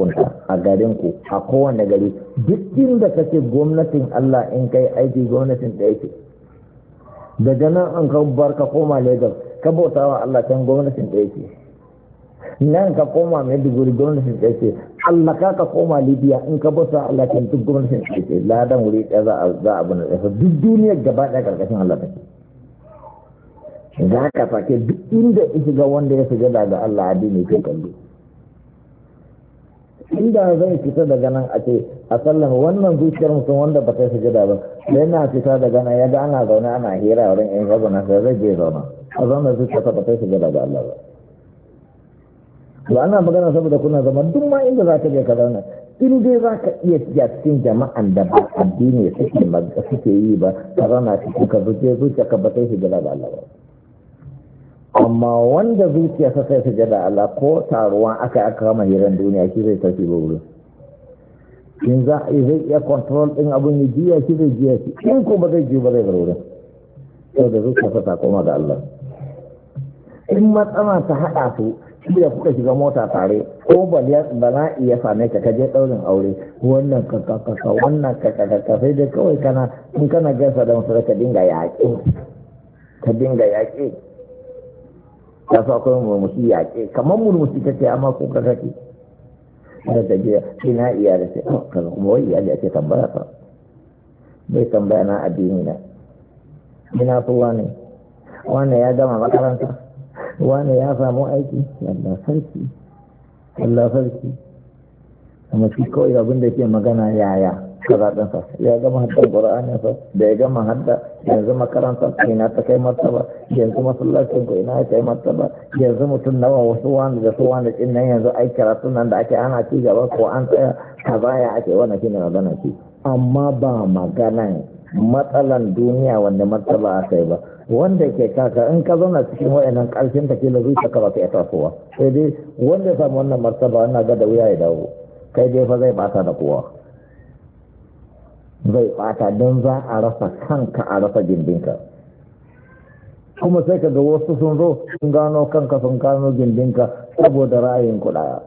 a garin ku a kowane gari duk inda kake gwamnatin Allah in kai aiki gwamnatin da ce. daga nan an ka bar ka koma Lagos ka bauta wa Allah can gwamnatin da yake nan ka koma Maiduguri gwamnatin da yake Allah ka ka koma Libya in ka bauta wa Allah can duk gwamnatin da yake ladan wuri ɗaya za a za a bunar ɗaya duk duniya gaba ɗaya ƙarƙashin Allah take za ka sake duk inda ya shiga wanda ya shiga daga Allah addini ke kalli inda zai fita daga nan a ce a sallan wannan zuciyar mutum wanda ba ta sujada ba da yana fita daga nan yaga ana zaune ana hira wurin yan rabu na sai zai je zauna a zauna zuciyar ta ba ta sujada ga Allah ba to ana magana saboda kuna zama duk ma inda za ka je ka zauna in dai za ka iya shiga cikin jama'an da ba addini suke yi ba ka zauna cikin ka zuciya zuciya ka ba ta sujada ga Allah ba amma wanda zuciya sa sai jada, Allah ko taruwa aka aka kama hiran duniya shi zai tafi ba wurin in za a zai iya control din abin ya jiya shi zai jiya shi in ko ba zai jiya ba zai bar sau yau da zuciya sa ta koma da Allah in matsala ta haɗa su shi da kuka shiga mota tare ko bala'i ya same ka kaje ɗaurin aure wannan kakakaka wannan kakakaka sai dai kawai kana in kana gasa da masu ka dinga yaƙi ka dinga yaƙi ta sa akwai murmushi yaƙe kamar musu ta ce amma ko ka kake da ta je iya iyali ce kaza kuma wai iyali ce tambaya ka. bai tambaya na addini na ina so wane wane ya gama makaranta wane ya samu aiki yalla sarki yalla sarki amma shi kawai abin da ke magana yaya kaza sa ya gama haddar ƙura'aninsa da ya gama haddar yanzu makarantar ina ta kai martaba yanzu masallacin ku ina ta kai martaba yanzu mutum nawa wasu wanda da su wanda din nan yanzu ai karatu nan da ake ana ci gaba ko an tsaya kaza ya ake wannan shine magana ce amma ba magana matsalan duniya wanda martaba a kai ba wanda ke kaka in ka zauna cikin wayannan karshen ta da zuciya ka ba ta tasowa sai dai wanda ya samu wannan martaba wannan ga da wuya ya dawo kai dai fa zai ta da kowa zai ɓata don za a rasa kanka a rasa gindinka kuma sai ka ga wasu sun zo sun gano kanka sun gano gindinka saboda ra'ayin kuɗaya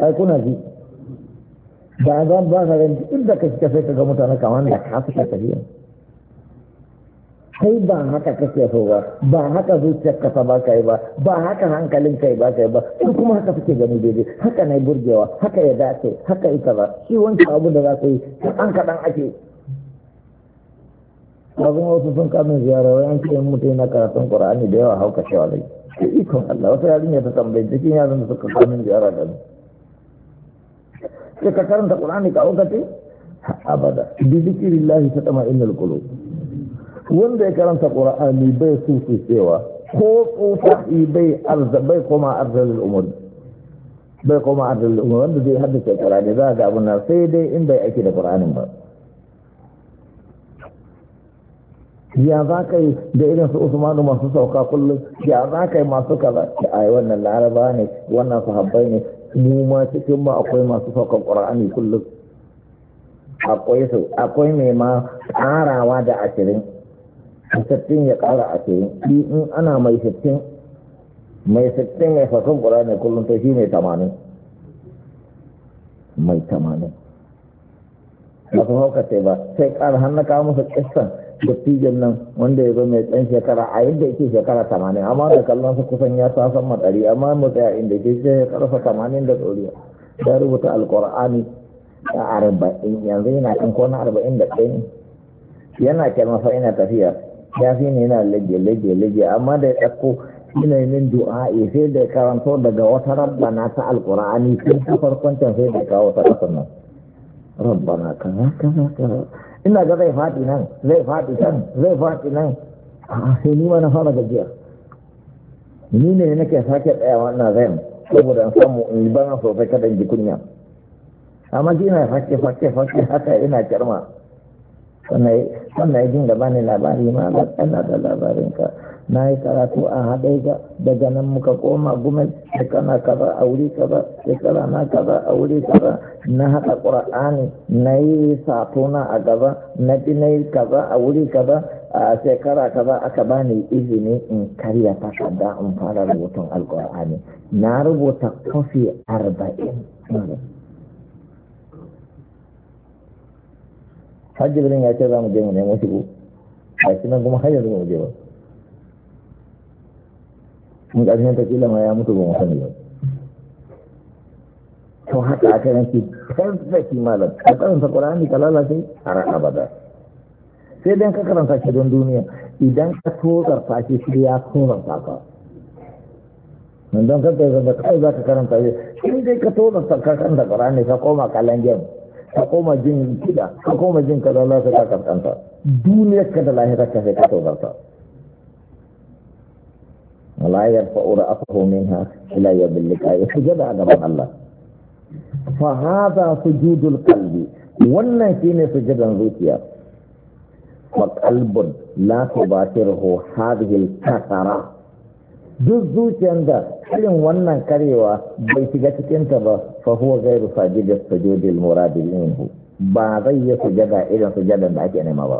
ai kuna ji da an ba ka ganin ka shi ka sai ka ga mutane kamar da ka suka tafiya kai ba haka kake so ba ba haka zuciyarka ta ba kai ba ba haka hankalin kai ba kai ba in kuma haka suke gani daidai haka na burgewa haka ya dace haka ita ba shi wancan abu da za su yi sai kaɗan kaɗan ake abin wasu sun kama ziyara wai an ce mutum na karatun ƙura'ani da yawa hauka cewa zai ikon Allah wata ya ta tambayi cikin yaran da suka kama ziyara da ni sai ka karanta ƙura'ani ka hauka abada bi ta tatma'innul alƙulu wanda ya karanta qur'ani bai su su cewa ko tsufa bai arza bai koma arzalul umur bai koma arzalul umur wanda zai haddace qur'ani za ga abun nan sai dai in bai aiki da qur'anin ba ya za ka yi da irin su usmanu masu sauka kullum ya za ka yi masu kaza da ai wannan laraba ne wannan sahabbai ne mu ma cikin ma akwai masu saukan qur'ani kullum akwai su akwai mai ma karawa da ashirin a ya ƙara a sayin in ana mai sattin mai sattin mai fasin ne kullum ta shi ne tamanin mai tamanin ba su sai ba sai ƙara hannu kawo musu ƙistan dattijan nan wanda ya zo mai ɗan shekara a yadda yake shekara tamanin amma da kallon su kusan ya sa sama ɗari amma mutu ya inda ke shi shekara sa tamanin da tsoriya ya rubuta alƙur'ani a arba'in yanzu yana kan kona arba'in da ɗaya yana kyalmasa ina tafiya ya fi ne yana lage lage lage amma da ya ɗauko ina min du'a'i sai da karanto daga wata rabbana ta alkur'ani sai ta farkon can sai da kawo ta ƙasar nan rabbana kaza kaza kaza ina ga zai faɗi nan zai faɗi can zai faɗi nan a sai ni wani na fara gajiya ni ne nake sake tsaya wannan zayan saboda an samu in yi bana sosai kada in ji kunya amma ji na fake fake fake haka ina kyarma sannan da dinga bani labari ma ba kana da labarinka na yi karatu a haɗe ga daga nan muka koma gumel shekara kaza a wuri kaza shekara na kaza a wuri kaza na haɗa ƙura'ani na yi satuna a gaba na bi na yi kaza a wuri kaza a shekara kaza aka bani izini in karya takarda in fara rubutun alƙura'ani na rubuta kofi arba'in har jibrin ya ce za mu je mu nemo shigo a shi nan kuma har yanzu mu je ba mun ƙarshen ta kila ma ya mutu ba mu sani ba to haka aka yanki perfect malam ka karanta qur'ani ka lalace har abada sai dan ka karanta shi don duniya idan ka tozarta shi shi ya ta ka don ka ta, kai za ka karanta shi shi dai ka ta ka karanta qur'ani ka koma kalan game ka koma jin kida ka koma jin kaza sai ka kaskanta duniyar ka da lahira ka sai ka tozarta wala yarfa'u ra'sahu ha ila yawm al-liqa sujada a gaban Allah fa su sujudul qalbi wannan shine sujudan zuciya wa qalbun la tubatiruhu hadhihi al-kasara duk zuciyar da irin wannan karewa bai shiga cikinta ba fa huwa gairu sajida sujudil muradil minhu ba zai yi sujada irin sujadan da ake nema ba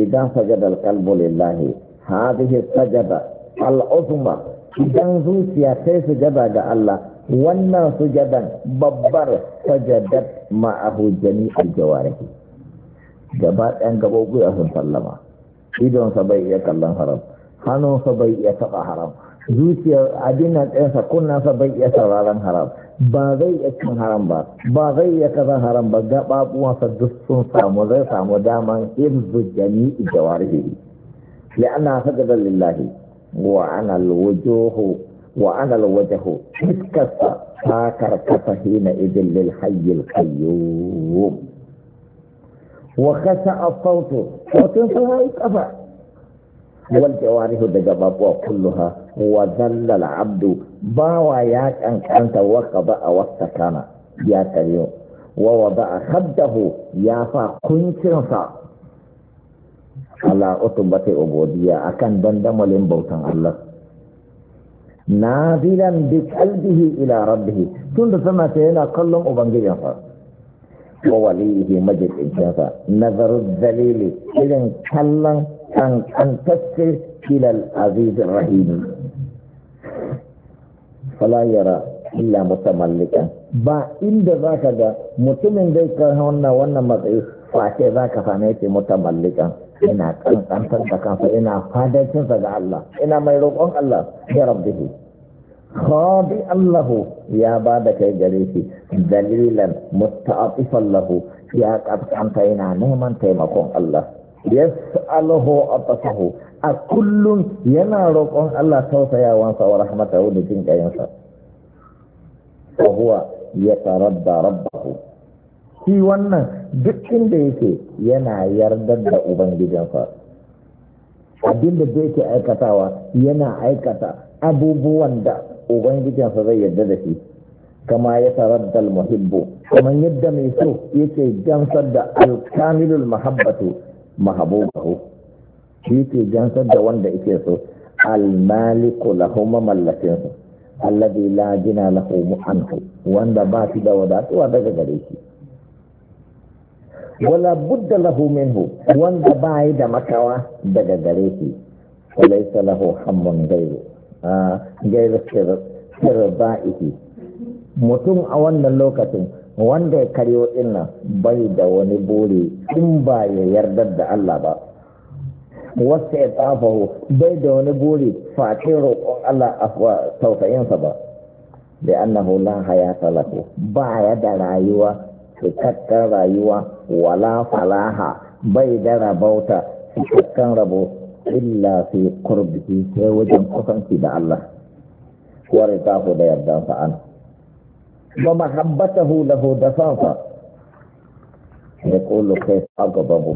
idan sajada alqalbu lillahi hadhihi sajada al'uzma idan zuciya sai sujada ga Allah wannan sujadan babbar sajadat ma'ahu jami'al jawarihi gaba ɗayan gabobi a sun sallama idonsa bai iya kallon haram hannunsa bai iya taɓa haram zuciyar abin nan ɗayansa kunnansa bai iya sauraron haram ba zai iya cin haram ba ba zai iya kazan haram ba gaɓaɓuwansa duk sun samu zai samu daman irzu jami'i jawarihi li'anna da lillahi wa ana alwujuhu wa ana alwajhu iskarsa ta karkata hina idin lil hayyil qayyum wa khasa as sautin sa kafa والجوارح دجباب وكلها وذل العبد باوى ياك أنت وقضاء واستكان يا كريم ووضع خده يا فا كنتنسا على أطبة عبودية أكن دندم لنبوتن الله نازلا بقلبه إلى ربه تند سما سينا قلم أبنجي ووليه مجد إنسانسا نظر الذليل إذن كلم kankantacce filal azizin rahimi fala yara illa mutamallikan ba inda za ka ga mutumin zai kan wannan wannan matsayi face za ka same shi mutamallikan ina kankantar da kansa ina fadancinsa ga Allah ina mai roƙon Allah ya rabbihi khadi Allahu ya ba da kai gare shi dalilan muta'atifan lahu ya kaskanta yana neman taimakon Allah yas'aluhu atasahu a kullum yana roƙon Allah tausayawansa wa rahmatahu da jin kayansa wa huwa yataradda rabbahu shi wannan duk inda yake yana yardar da ubangijinsa abinda da ke aikatawa yana aikata abubuwan da ubangijinsa zai yarda da shi kama ya taraddal muhibbu kamar yadda mai so yake gamsar da alkamilul mahabbatu mahabubahu shi ke jansar da wanda yake so almaliku lahuma mallakin su alladhi la jina lahu anhu wanda ba shi da wadatuwa daga gare shi wala budda lahu minhu wanda ba yi da makawa daga gare shi falaisa lahu hammun gairu ah, gairu sirba'ihi mutum a wannan lokacin wanda ya karyo ina bai da wani bore in ba ya yarda da Allah ba wasu ya tsafahu bai da wani bore face roƙon Allah a tausayinsa ba da annahu la hayata lahu ba ya da rayuwa cikakken rayuwa wala falaha bai da rabauta cikakken rabo illa fi qurbihi sai wajen kusanci da Allah wa ridahu da yardansa an wa mahabbatahu lahu dafafa yaqulu kayfa aghdabu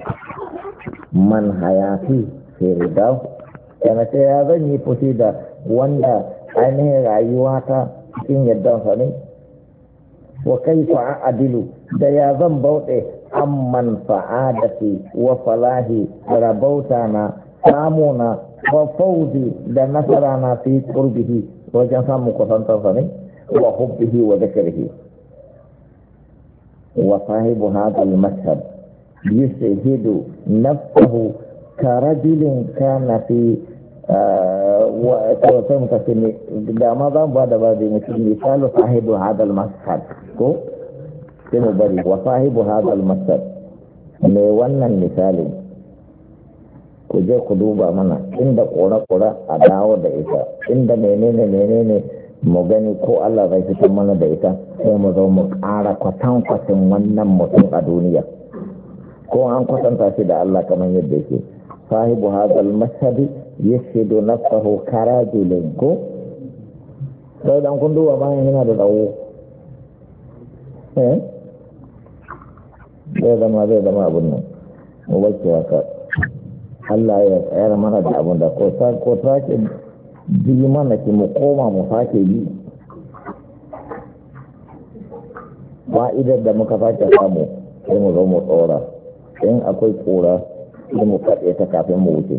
man hayati fi ridahu yana ya zan yi fushi da wanda ainihin rayuwa ta cikin yardan sa ne wa adilu da ya zan bauɗe amman fa'adati wa falahi rabauta na samuna wa fauzi da nasara na fi qurbihi wajen samun kusantar sa ne وحبه وذكره وصاحب هذا المذهب يشهد نفسه كرجل كان في وتوسم كسمي دام ضم بعد بعد مثال صاحب هذا المذهب كو كم بري وصاحب هذا المذهب ميوانا مثال misalin قدوبا منا عند قرى قرى أداوة kora عند a dawo da mu gani ko Allah zai fitar mana da ita sai mu zo mu ƙara kwatankwacin wannan mutum a duniya ko an kwatanta shi da Allah kamar yadda yake sahibu hazal mashhadi yashidu nafsahu karajulin ko sai dan kun duba bayan yana da tsawo eh zai zama zai zama abun nan mu bace haka Allah ya tsayar mana da abun da ko ta ko ta ke bi mana ki mu koma mu sake yi fa'idar da muka sake samu sai mu zo mu tsora in akwai tsora sai mu kaɗe ta kafin mu wuce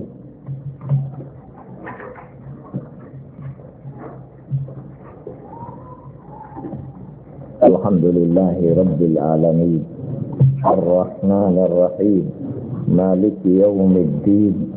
الحمد لله رب العالمين الرحمن الرحيم مالك يوم الدين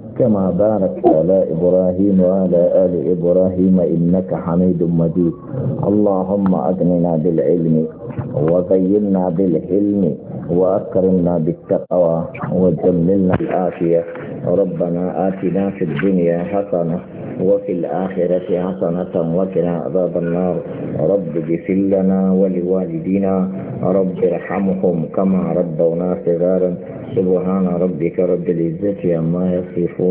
كما باركت على إبراهيم وعلى آل إبراهيم إنك حميد مجيد اللهم أغننا بالعلم وزينا بالحلم وأكرمنا بالتقوى وجملنا بالعافية ربنا آتنا في الدنيا حسنة وفي الآخرة حسنة وكنا عذاب النار رب اغفر لنا ولوالدينا رب ارحمهم كما ربونا صغارا سبحان ربك رب العزة عما يصفون